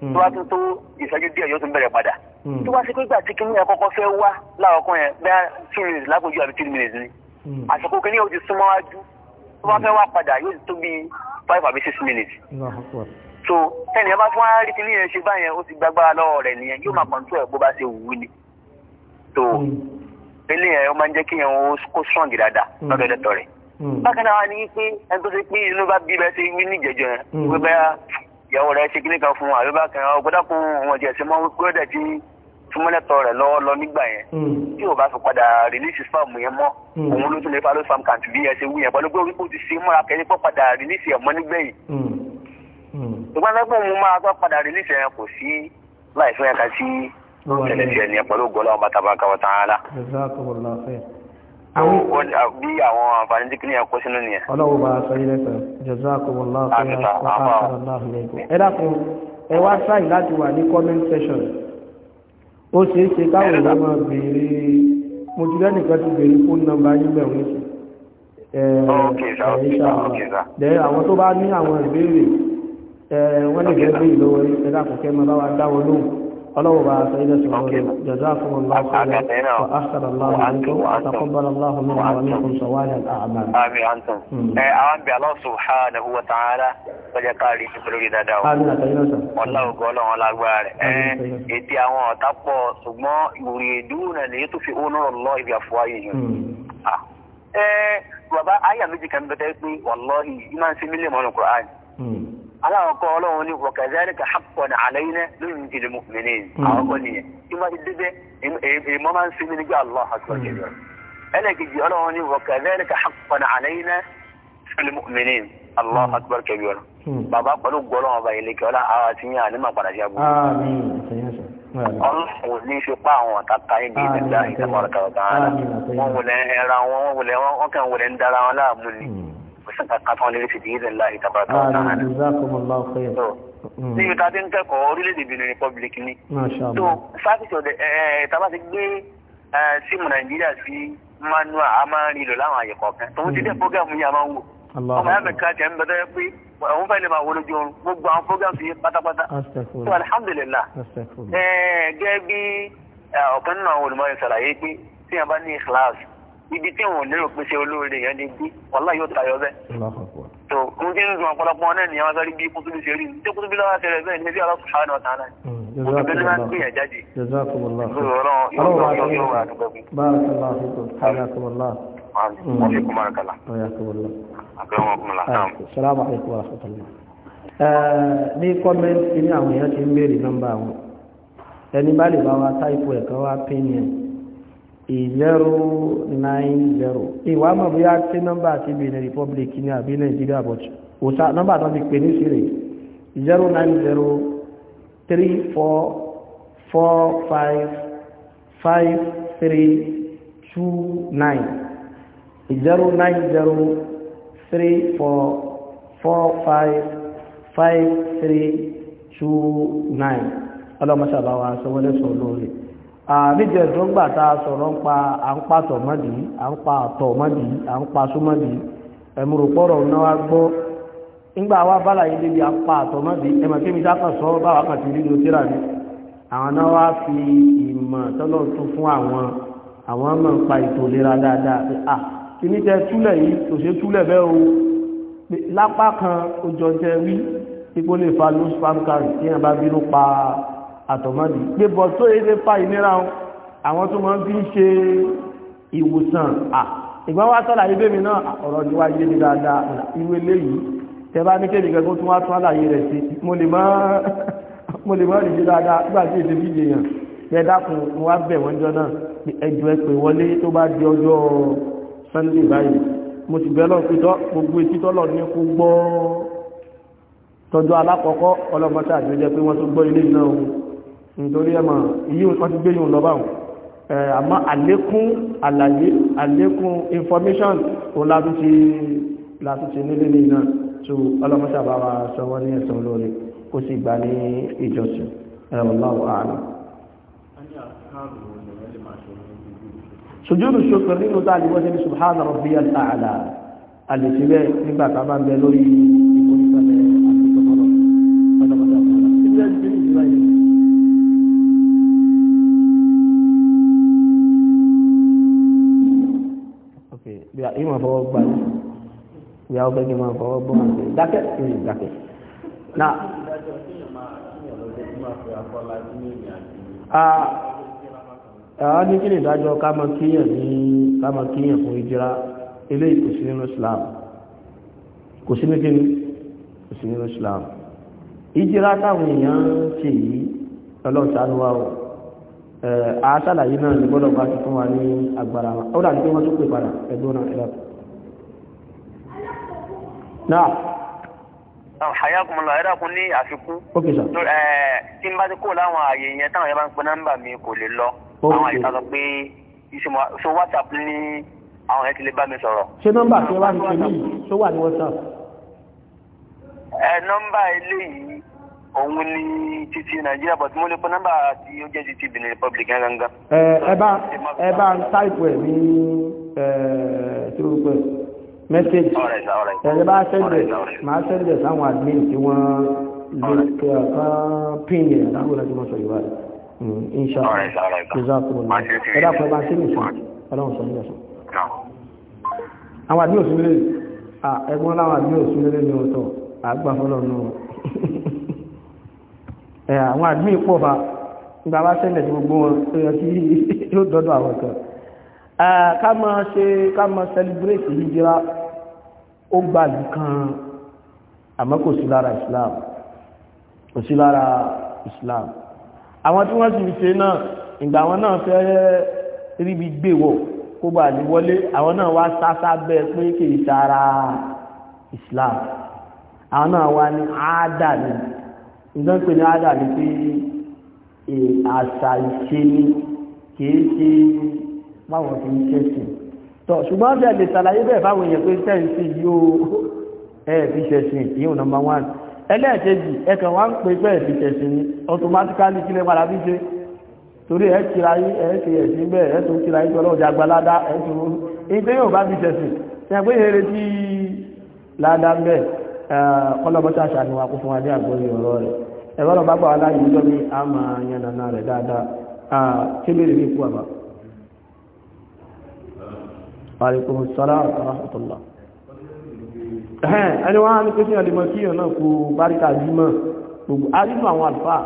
Hmm. tó bá tún tó ìṣẹ́jú díẹ̀ yóò tún bẹ̀rẹ̀ padà hmm. tó bá ṣe pé gbà tí kinní yẹn kọ́kọ́ fẹ́ wá láwọn yẹn bẹ́ẹ̀ two minutes lápòjú àbí three minutes ni hmm. àsìkò kinní yóò ti súnmọ́ wájú tó bá fẹ́ wá padà yóò tó bí five àbí six minutes so ẹnì yẹn bá fún wa rí kinní yẹn ṣe báyẹn ó ti gbàgbára lọ́wọ́ rẹ̀ nìyẹn yóò máa control ẹ̀ bó bá ṣe wù ni so ilé yẹn ó máa ń jẹ́ kí yẹn kó strong ìyàwó rẹ̀ ṣe kíní kan fún àbíbákan ọgbọ́dọ̀kùn òun ọ̀jẹ̀ ṣe mọ́ gbọ́dọ̀ tí túmọ̀lẹ́tọ̀ rẹ̀ lọ nígbà yẹn hmm. tí ò bá fi padà release spam yẹn mọ́ hmm. òun ló tún lè fa ló spam kàǹtì bí yẹn wú yẹn pẹ̀lú pé orípò ti ṣe múra kẹ́yìn pọ̀ padà release yẹn mọ́ nígbẹ̀yìn ìgbọ́n hmm. lẹ́gbọ̀n mo máa tọ́ padà release yẹn kò sí láìsí yẹn kan sí tẹ̀lẹ̀tì ẹ̀ àwọn ah, bí àwọn àǹfààní tí kí ní ẹkọ́ sínú nìyẹn. ọlọ́wọ́ bá aṣọ ilẹ̀ pẹ̀lú jazakumullahu khairan wa barakallahu fiikum. ẹ dákun ẹ wá sáì láti wà ní comment section ó ṣe é ṣe káwọn èèyàn máa béèrè mo ti lẹ́nu kan ti béèrè fóònù nọ́mbà yín bẹ̀rù ní sí. ẹ ẹ àwọn tó bá ní àwọn ìbéèrè ẹ wọ́n lè fẹ́ béèrè lọ́wọ́ ẹ dákun kẹ́ máa bá wa dáwọ́ lóhùn. ولو بعد إلى سؤال جزاكم الله خيرا وأحسن الله عنكم وتقبل الله منا ومنكم صالح الأعمال آمين عنكم أعان بالله سبحانه وتعالى فجقالي تبلغي دادا آمين أتينا والله قولا ولا أقبال إتي أعوان أتقوى ثم يريدون ليطفئوا نور الله بأفواههم bàbá àyà méjì kan bẹ́tẹ́ pé wàlọ́ọ̀hì ìmáà ń ṣe mílíọ̀nù ọ̀nà kùrán aláwọ̀kọ́ ọlọ́run ní wọ̀kẹ̀zẹ́rìkà hapkọ̀n àlẹ́yìn lóyún ìjìnlẹ̀ mọ̀mìnì àwọn ọkọ̀ nìyẹn tí wọ́n ti débẹ̀ èèmọ́ máa ń sinmi nígbà allah akbar hmm. ẹlẹ́kejì ọlọ́run ní wọ̀kẹ̀zẹ́rìkà hapkọ̀n àlẹ́yìn ìjìnlẹ̀ mọ̀mìnì allah akbar kẹbíọ́n hmm. bàbá pẹ̀lú gbọ́lọ́wọ́n ọba ìlẹ́kẹ̀ ọlá àwọn àti yín àní màpàdà sí àbúrò ọlọ́run àtàwọn ilé ti dìídẹ̀ ńlá ìtàbà tó ń tàn án. níbi tá a ti ń kẹ́kọ̀ọ́ orílẹ̀-èdè Benin Republic ni. tó sáfìsì ọ̀dẹ tábà ti gbé síìmù Nàìjíríà sí manual a máa ń rí lò láwọn àyè kọ̀ọ̀kan tòun ti dé program yìí a máa ń wò. ọmọ yàrá mi ká jẹ́ ń bẹ́tẹ́ pé òun fẹ́ lè máa wọlé jọrun gbogbo àwọn program yìí pátápátá. tó alhamdulillah gẹ́gẹ́ bí nínú àwọn olùmọ̀ọ́ ibi tí wọn ò lérò pé ṣe olóore yẹn lè gbé wàhálà yóò tayọ bẹ́ẹ̀. tó ohun tí ń dun ọ̀pọ̀lọpọ̀ náà nìyẹn wọn sáré bí kútúbí ṣe rí tí kútúbí lọ́wọ́ ṣẹlẹ̀ bẹ́ẹ̀ ní bí aláṣọ ṣáà náà tàn án. ní kọ́mẹ́ntì ní àwọn èèyàn ti ń béèrè nọ́mbà wọn ẹni bá lè bá wa táìpù ẹ̀kan wá pín ní ẹ̀ zero nine 090 ìwà mọ̀ bóyá tí nọ́mbà ti bí ilẹ̀ republic ní àbí nàìjíríà but òsà nọ́mbà tó ti pè ní sílẹ̀ 090 34 45 5329 090 34 45 5329 ọlọ́mọṣàbáwá sọ wọlé sọ lórí níjẹ̀ ìdọ́gbà tá a sọ̀rọ̀ ń pa à ń pa tọ̀mọ́dì à ń pa tọ̀mọ́dì à ń pa súnmọ́dì ẹ̀mùrùpọ̀rọ̀ náà wá gbọ́ ńgbà wá bá láyé débi à ń pa àtọ̀mọ́dì ẹ̀mọ̀ kí mi sáfà sọ báwa kan ti rí ní otí rà àwọn náà wá fi ìmọ̀ tọ́lọ̀ tó fún àwọn àwọn máa ń pa ètò ìlera dáadáa pé à kí ní tẹ túlẹ̀ yìí kò ṣe túlẹ̀ bẹ́ẹ̀ o lápá kan ó jọ jẹ wí pípó lè fa lóṣù pàmkàrì àtọ̀mọ́dì gbébọ̀ tó èdè fa ìnira àwọn tó máa ń fi ń ṣe ìwòsàn à ìgbọ́n wá sọ́là ibé mi náà ọ̀rọ̀ ni wá yé ní dáadáa irú eléyìí tẹ bá ní kébì gẹ́gẹ́ tó wá tún àlàyé rẹ̀ sí mo lè mọ́ rí dáadáa nígbà tí èdè bí yèèyàn yẹ dákun mo wá bẹ̀ wọ́n jọ náà ẹjọ́ ẹ pè wọlé tó bá di ọjọ́ Sunday báyìí mo sì bẹ́ẹ̀ lọ pé tọ́ gbogbo etí tọ́lọ̀ ní kó gbọ́ tọjọ́ alákọ̀ọ́kọ́ ọlọ́mọta àjọjẹ pé wọ́n tó gbọ́ ilé náà nítorí ẹmọ̀ ìyí wọ́n ti gbé yìí lọ báwọn àmọ́ àlékún àlàyé àlékún information òun látún ti látún ti nílé ní iná tó ọlọ́mọṣà bá wa sọ wọ́n ní ẹ̀sán lórí kó sì gbà ní ìjọsìn wallahu a'lam. sùjúdù ṣokùn nínú tá a lè wọ́n ṣe ní subhana rabbiyal a'la àlè síbẹ̀ nígbà tá a yìí máa fọwọ́ gbà yìí ìyá ọgbẹ́ yìí máa fọwọ́ gbọ́ àti dákẹ́ ìyìn dákẹ́. àwọn ní kí ni ìdájọ́ ká máa kíyàn ní ká máa kíyàn fún ìjírá ilé ìkòsí nínú Islam kò Islam ìjírá táwọn èèyàn ń ṣe yìí ọlọ́ọ̀tánúwá ọ̀ Eh, àásàlàyé náà ní gbọ́dọ̀ bá ti fún wa ní agbára wọn ó dàbí pé wọ́n tún pè padà ẹgbẹ́ náà ẹ̀rọ. náà. àyà kùn lọ ẹ̀rọ kún ní àfikún. ókè sà. Eh, tí n bá ti kó láwọn ààyè yẹn táwọn yẹn bá ń pe nọ́mbà mi kò lè lọ. àwọn àyíká sọ pé so whatsapp ní àwọn yẹn ti lè bá mi sọ̀rọ̀. ṣé nọ́mbà tí wọ́n bá ṣe ní òun ní títí nàìjíríà but mo lè pọ nọ́mbà tí ó jẹ́ títí benin republic gangan. ẹ bá ẹ bá ń táìpù ẹ ní tí ó pẹ mẹsẹgì ẹ bá sẹgbẹ máa sẹgbẹ sáwọn admin tí wọn lè kẹ ọkàn pin yẹn lágbo láti wọn sọ yorùbá mm, insha allah jazakumullah ẹ dákun ẹ bá sí nìṣẹ Ọlọ́run sọ nígbà sọ. àwọn àdúrà òsínlẹ ẹ̀gbọ́n láwọn àdúrà òsínlẹ ní ọ̀tọ̀ àgbà fọlọ náà. àwọn àdúmí pọ̀ bá nígbà wá sẹ́lẹ̀ tí gbogbo wọn tó yẹ kí yóò dọ́dọ̀ àwọn kan ká mọ́ ṣe ká mọ́ sẹlẹ̀bírẹ́tì hijira ó gbà nìkan àmọ́ kò sí lára Islam kò sí lára Islam àwọn tí wọ́n sì ń ṣe náà ìgbà àwọn náà fẹ́ ríbi gbé wọ̀ kó bá lè wọlé àwọn náà wá sáfá bẹ́ẹ̀ pé kì í sára Islam àwọn náà wá ní àádà nìyí nǹkan pè ní àdá ni pé àṣà ìṣe ni kìí ṣe báwọn fi ń ṣẹ̀sìn tọ̀ ṣùgbọ́n ṣe lè ṣàlàyé bẹ́ẹ̀ báwọn èèyàn pé sẹ́ǹsì yóò ẹ̀ fi ṣẹ̀sìn ìyẹn nọmba wán ẹlẹ́ẹ̀kejì ẹ̀kan wá ń pè pé ẹ̀ fi ṣẹ̀sìn ni automatically kílẹ̀ padà fi ṣe torí ẹ̀ kira yín ẹ̀ ṣe ẹ̀sìn bẹ́ẹ̀ ẹ̀ tó kira yín tọ́lọ́ ọjà gbalada ẹ̀ tó ìgbé yóò bá fi ṣẹ̀sìn ṣe pé tí ládàá bẹ́ẹ̀ ọlọ́mọṣáṣà ni wà kó fún wa ní àgbóyè ọ̀rọ̀ rẹ̀ ẹ̀rọ bá gbà aláyé ń lọ́bí a máa yànnàná rẹ̀ dáadáa kí lè rí ikú àbá alaikum salam rahmatullah ẹ̀hẹ́n ẹni wọ́n á ní pẹ́sí ọdí mọ́síyàn náà kú báríkà jímọ̀ gbogbo a nínú àwọn alfa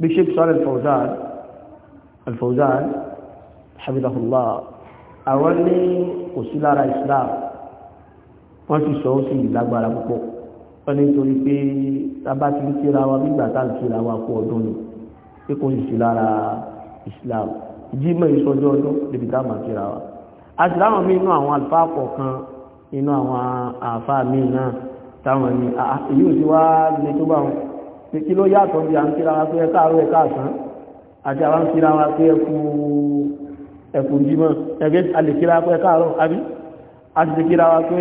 bishop sọ́rọ̀ alfawzan alfawzan habibullah àwọn ní kò sí lára islam wọ́n ti sọ ó sì lágbára púpọ̀ wọ́n ní torí pé tábà ti ń kíra wa bí ìgbà tá ń kíra wa kú ọdún ni pé kò sì sí lára Islam jímọ̀ ìsọjọ́ ọdún débi tá a máa kíra wa àti láwọn míì inú àwọn àlùfáà kọ̀ọ̀kan inú àwọn àáfàá míì náà táwọn ní èyí ò sí wá lè tó bá wọn pé kí ló yàtọ̀ bí à ń kíra wa pé ẹ káàárọ̀ ẹ káàsán àti àwọn kíra wa pé ẹkú ẹkú jímọ̀ ẹgbẹ́ àlè kíra pé ẹ káàárọ̀ àbí àti kíra wa pé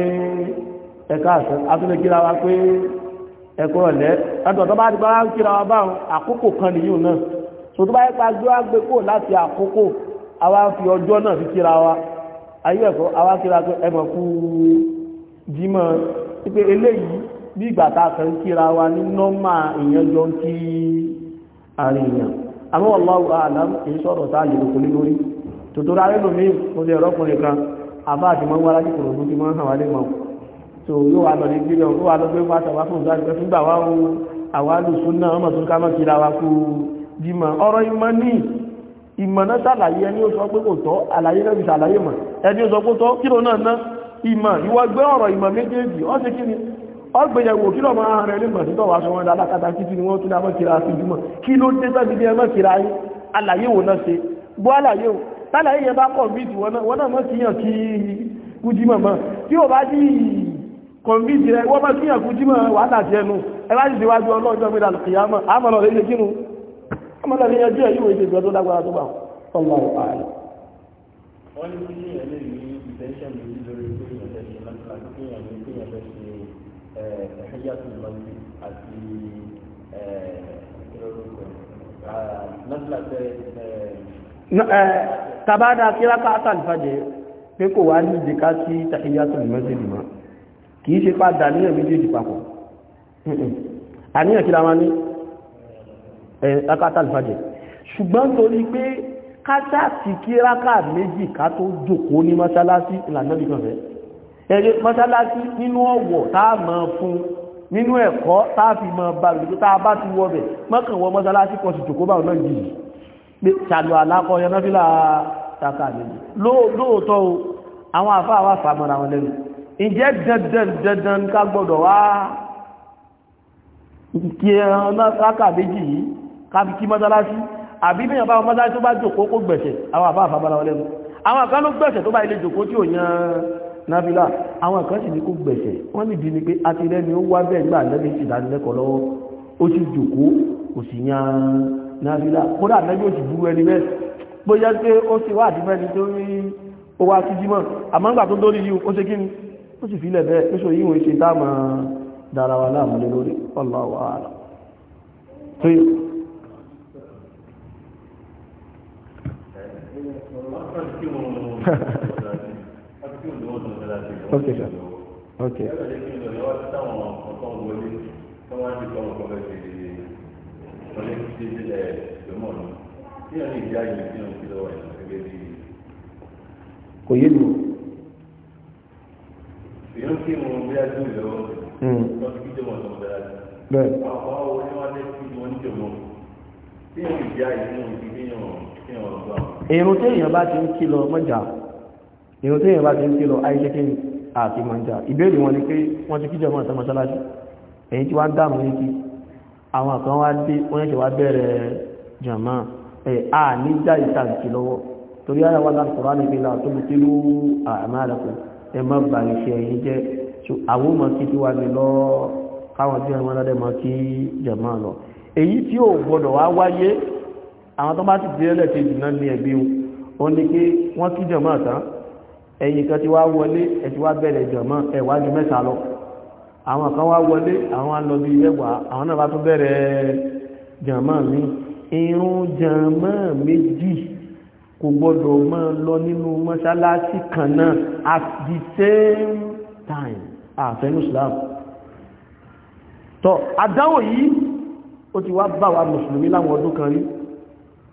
ẹ̀ka àṣẹ atúlẹ̀ kíra wa pé ẹ̀kọ́ ọ̀lẹ́ tó bá ti bá ń kíra wa àkókò kan nìyíò náà so tó bá pa gbé wá gbé kó láti àkókò àwa fi ọjọ́ náà fi kíra wa ayé ẹ̀kọ́ kíra pé ẹ̀mọ̀ kú jímọ̀ eléyìí bí ìgbà a kàn kíra wa ní nọ́mà ń kí àmọ́ èyí sọ̀rọ̀ tó yóò wà lọ ní gbílẹ̀ yóò wà lọ pé wá tàbá fún ìgbàgbẹ́ fúngbà wá o àwọn alùsùn náà ọmọ tó ń ká mọ́ kiri àwa kú jímọ̀ ọ̀rọ̀ ìmọ̀ ní ìmọ̀ náà sàlàyé ẹni ó sọ pé kò tọ́ àlàyé náà fi sàlàyé mọ̀ ẹni ó sọ pé tọ́ kí ló náà ná ìmọ̀ ìwọ gbé ọ̀rọ̀ ìmọ̀ méjèèjì ó ṣe kí ni ọgbẹ̀yẹ̀wò kí lọ máa rẹ̀ nígbà títọ̀ wá sọ wọn dá alákàtà títí ni wọ́n tún dá mọ́kìrá sí jùmọ̀ kí ló dé tàbí bí ẹmọ́ kìrá yìí àlàyé wò náà ṣe gbọ́ àlàyé wò tàlàyé yẹn bá kọ̀ bí ìtìwọ́n náà mọ́ kíyàn kí kú mọ́ tí ó bá dí kọ̀m̀bíjì rẹ̀ wọ́n bá kí ẹ̀kú jímọ̀ wàhálà ti ẹnu ẹwà ti díwájú ọlọ́jọ́ mẹ́ta kìyàmọ̀ àmọ́lọ̀ lè kínú àmọ́lọ̀ lè yẹjú ẹ̀ yíò ìṣèjọ tó dágbára tó bá ọlọ́run ààrẹ wọ́n ní kí ẹ̀lẹ́ ní ìtẹ́ṣẹ́ mi lórí pé ìyẹ̀lẹ́ ṣe láti láti kí ìyẹ̀lẹ́ ṣe eh, ẹ̀ẹ́dẹ́gbẹ́ tó lọ sí àti ẹ̀ẹ́dẹ́gbẹ́ eh, eh, tó lọ sí kìí ṣe pá dà níyàn méjèèjì papọ̀ àníyàn kí la máa ní ẹ̀ẹ́kátà alfajẹ̀ ṣùgbọ́n torí pé kátà ti kí rákà méjì ká tó jókòó ní mọ́sálásí ìlànà ìgbọ̀nfẹ́ ẹ̀rẹ́ mọ́sálásí nínú ọ̀wọ̀ táà máa fún nínú ẹ̀kọ́ táà fi máa bá rẹ̀ tó bá ti wọ́ bẹ̀ mọ́kànwọ́ mọ́sálásí kan sì jókòó báwọn lóòótọ́ àwọn àfáà wà fàmọ́ra wọn lẹ́nu ǹjẹ́ dandan dandan ká gbọ́dọ̀ wá kí ẹran láka méjì yìí ká fi kí mọ́sálásí àbí bí ìyànbá mọ́sálásí tó bá jòkó kó gbẹ̀ṣẹ̀ àwọn àbá àfàbára wọn lẹ́nu àwọn kan ló gbẹ̀ṣẹ̀ tó bá ilé jòkó tí ò yan nábílà àwọn kan sì ní kó gbẹ̀ṣẹ̀ wọ́n nìdí ni pé a ti rẹ́ni ó wá bẹ́ẹ̀ gbà lẹ́bí ti dánilẹ́kọ̀ọ́ lọ́wọ́ ó sì jòkó kò sì yan nábílà kódà lẹ́bí ó sì burú ẹni bẹ́ẹ̀ bóyá pé ó sì wá àdúgbẹ́ni tó rí ó wá sí jímọ̀ àmọ́ ńgbà tó dórí yìí ó ṣe kí ni ó sì fílẹ̀ bẹ́ẹ̀ pẹ́sọ yíò ṣe dáàmà dára wà láàmúlé lórí Allahu a'lam tó kò yé lò èyí ń kí mo bí a dùn lọ́wọ́ hmm. lọ́sí kí jọmọ lọ́wọ́ dára jù. bẹ́ẹ̀ àwọn ọmọ wọn ni wọ́n lé sí wọn ní jọmọ tí èyí ìdí àyè fún ìdí kéèyàn kéèyàn lọ́wọ́. èrò téèyàn bá ti ń kí lọ mọ́jà èrò téèyàn bá ti ń kí lọ àìṣe kí àti mọ́jà ìbéèrè wọn ni pé wọ́n ti kí jọmọ ìtàn mọ́ṣáláṣí èyí tí wọ́n dààmú ní kí àwọn kan wá dé wọ́n ṣe wá bẹ̀rẹ̀ jọmọ ẹ̀ à ní já ìtàǹkì lọ́wọ́ torí àyàwó alákùnrin nígbà tó mú sílùú àmàlẹ́kùn ẹ má bà iṣẹ́ yìí jẹ́ àwọn ọmọ kí tí wà ní lọ káwọn tí wọ́n lọ́dẹ̀ mọ́ kí jẹ̀mọ́ lọ èyí tí ò gbọ́dọ̀ wá wáyé àwọn tó bá ti di ẹlẹ́kejì náà ní ẹ̀bí wọn ni pé wọ́n kí jẹ̀mọ́ tán ẹ̀yìn kan ti wá wọlé ẹ̀ ti wá bẹ̀rẹ̀ jẹ̀mọ́ ẹ̀ wá ju mẹ́ta lọ àwọn kan wá wọlé àwọn á lọ bí mẹ́wàá àwọn náà bá tún bẹ̀rẹ̀ jẹ̀mọ́ mi irun jẹ̀mọ́ méjì kò gbọ́dọ̀ máa lọ nínú mọ́ṣáláṣí kan náà at the same time àfẹ́nú ah, islam tọ́ àdánwò yìí ó ti wá bá wa mùsùlùmí láwọn ọdún kan rí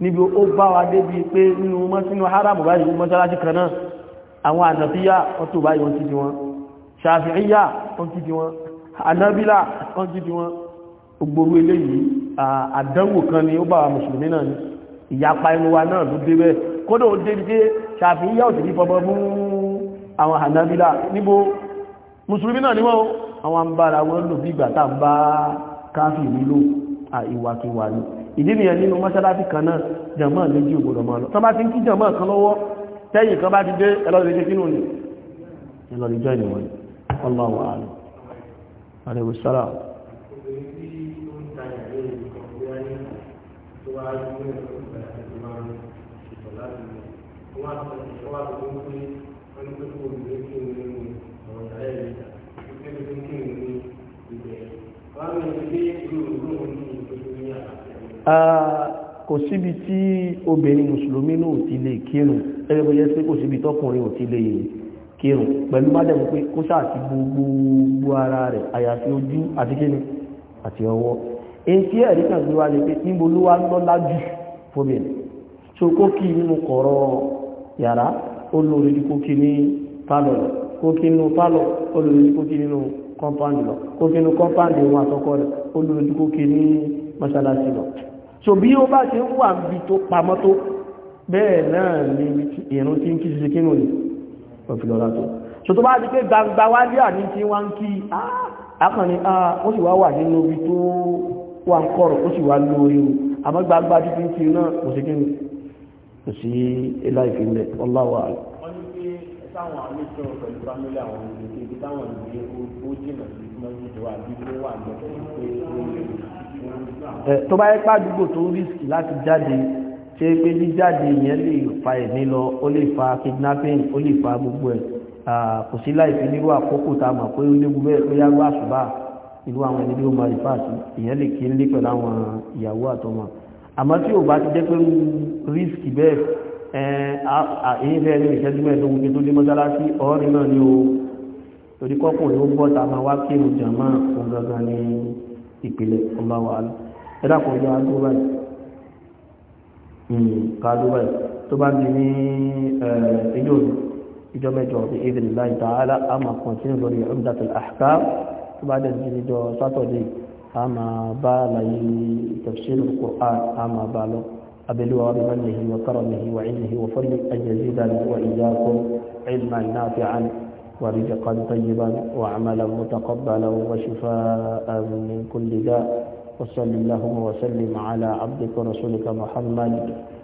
níbi ó bá wa débi pé nínú mọ́sínú haram báyìí mọ́sálásí kan náà àwọn ànàfíyà wọ́n tó báyìí wọ́n ti di wọn ṣàfihíyà wọ́n ti di wọn ànàbílà wọ́n ti di wọn gbogbo eléyìí àdánwò kan ni ó bá wa mùsùlùmí náà ni ìyapa ẹnu wa náà ló débẹ̀ kódò ó débi dé ṣàfihíyà ò sì ní fọmọ mú àwọn hanabila níbo musulmi náà níwọ́n àwọn ń bára wọn lò bí ìgbà tàà bá káàfì nílò ìwàkiwà ní ìdí nìyẹn nínú mọ́ṣáláṣí kan náà jàmáà méjì ògbòdọ̀ máa lọ tọ́bá ti ń kí jàmáà kan lọ́wọ́ tẹ́yìn kan bá ti dé ẹlọ́rẹ̀ẹ́jẹ́ kínú ni ẹlọ́rẹ̀ẹ́jọ́ ìnìwọ̀n ni kò síbi tí obìnrin mùsùlùmí náà ti lè kírun ẹgbẹ́ bóyá sí kò síbi tọkùnrin ò ti lè kírun pẹ̀lú mádẹ̀mù pé kó sáà ti gbogbo ara rẹ̀ àyàfi ojú àti kíni àti ọwọ́ èyí tí ẹ̀rí kan gbé wá lè pé níbo ló wá lọ́lá jù fóbìnrin so kó kí nínú kọ̀rọ̀ yàrá olórí ní kókí ní pálọ̀ lọ kókí nínú pálọ̀ olórí ní kókí nínú kọ́mpáǹdì lọ kókí nínú kọ́mpáǹdì wọn àtọkọ rẹ̀ olórí ní kókí ní mọ́ṣáláṣí lọ so bí ó bá ṣe ń wà níbi tó pamọ́ tó bẹ́ẹ̀ náà ni ìrún tí ń kí ṣe kínú ni ọ̀fìlọ́lá tó so tó bá ti pé gbangba wá lé àní tí wọ́n ń kí àkànni ó sì wá wà nínú ibi tó wà ń kọ̀rọ̀ ó sì wá lórí o àmọ́ gbangba títí ń kí náà kò ṣe kínú kò sí ilá ìfìlẹ̀ ọláwà. wọ́n ní pé táwọn àlejò pẹ̀lú fámílì àwọn olùdókè ibi táwọn ìwé ó jìnà sí mọ́jújọ àbí ó wà lọ́kùnrin pé ó lè tó bá yẹ pé àdúgbò tó rísìkì láti jáde ṣe pé jíjáde yẹn lè fa ẹ̀mí lọ ó lè fa kidnapping ó lè fa gbogbo ẹ̀ kò sí láì fi nírú àkókò tá a mọ̀ pé ó léwu bẹ́ẹ̀ pé yàrá àṣùbà ìlú àwọn ẹni bí ó máa rí fáàsì ìyẹn lè kí ń lé pẹ̀lú àwọn ìyàwó àtọmọ àmọ́ tí ò bá ti jẹ́ pé rísìkì bẹ́ẹ̀ ẹ̀yìn fẹ́ ní ìṣẹ́jú mẹ́ẹ̀ẹ́dógún kí tó dé mọ́sálásí ọ̀ọ́rin náà ni o torí kọ́kùnrin ó bọ́ ta máa wá kí èrò jàmá òun gangan ní ìpìlẹ̀ ọba wa lọ ẹ dàpọ̀ ọjọ́ adó báyìí hmm, ká adó báyìí tó bá أما بالي تفسير القرآن أما بالو أبلوا بمنه وكرمه وعلمه وفضله أن يزيدنا وإياكم علما نافعا ورزقا طيبا وعملا متقبلا وشفاء من كل داء وصل اللهم وسلم على عبدك ورسولك محمد